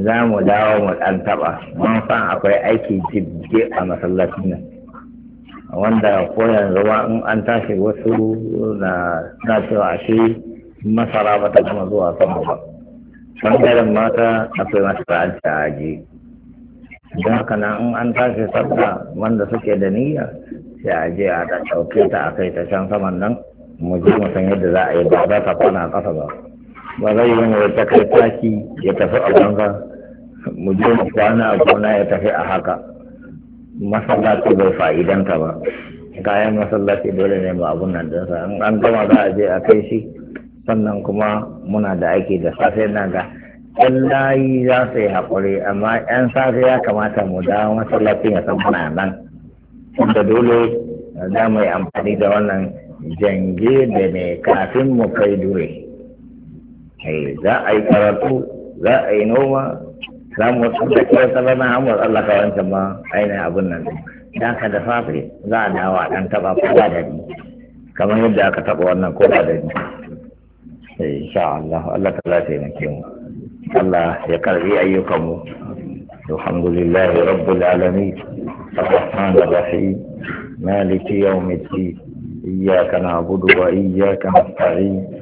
Speaker 1: za mu dawo mu ɗan taɓa mun san akwai aiki jibge a masallacin nan wanda ko yanzu ma in an tashi wasu na na cewa ashe masara ba ta gama zuwa sama ba ɓangaren mata akwai masara a don haka nan in an tashi sabba wanda suke da niyya sai a je a ɗauke ta a kai ta can saman nan mu je mu san yadda za a yi ba za ta kwana ƙasa ba ba zai yi wani ta kai taki ya tafi a banza mu je mu kwana a gona ya tafi a haka masallaci bai fa'idanta ba kayan masallaci dole ne ba abun nan dinsa in an gama za a je a kai shi sannan kuma muna da aiki da safe na ga yan layi za su yi haƙuri amma yan safe ya kamata mu da masallacin ya san muna nan da dole za mu yi amfani da wannan jange da ne kafin mu kai dure Eh, za a yi karatu za a yi noma za mu wasu da kira ta na an Allah ka wancan ma ainihin abin nan dan ka da safe za a dawo a dan taba ko da ni kamar yadda aka taba wannan ko da ni eh, insha Allah Allah ta lafiya na kiyon Allah ya karbi ayyukanmu الحمد لله رب العالمين الرحمن الرحيم مالك يوم الدين إياك نعبد وإياك نستعين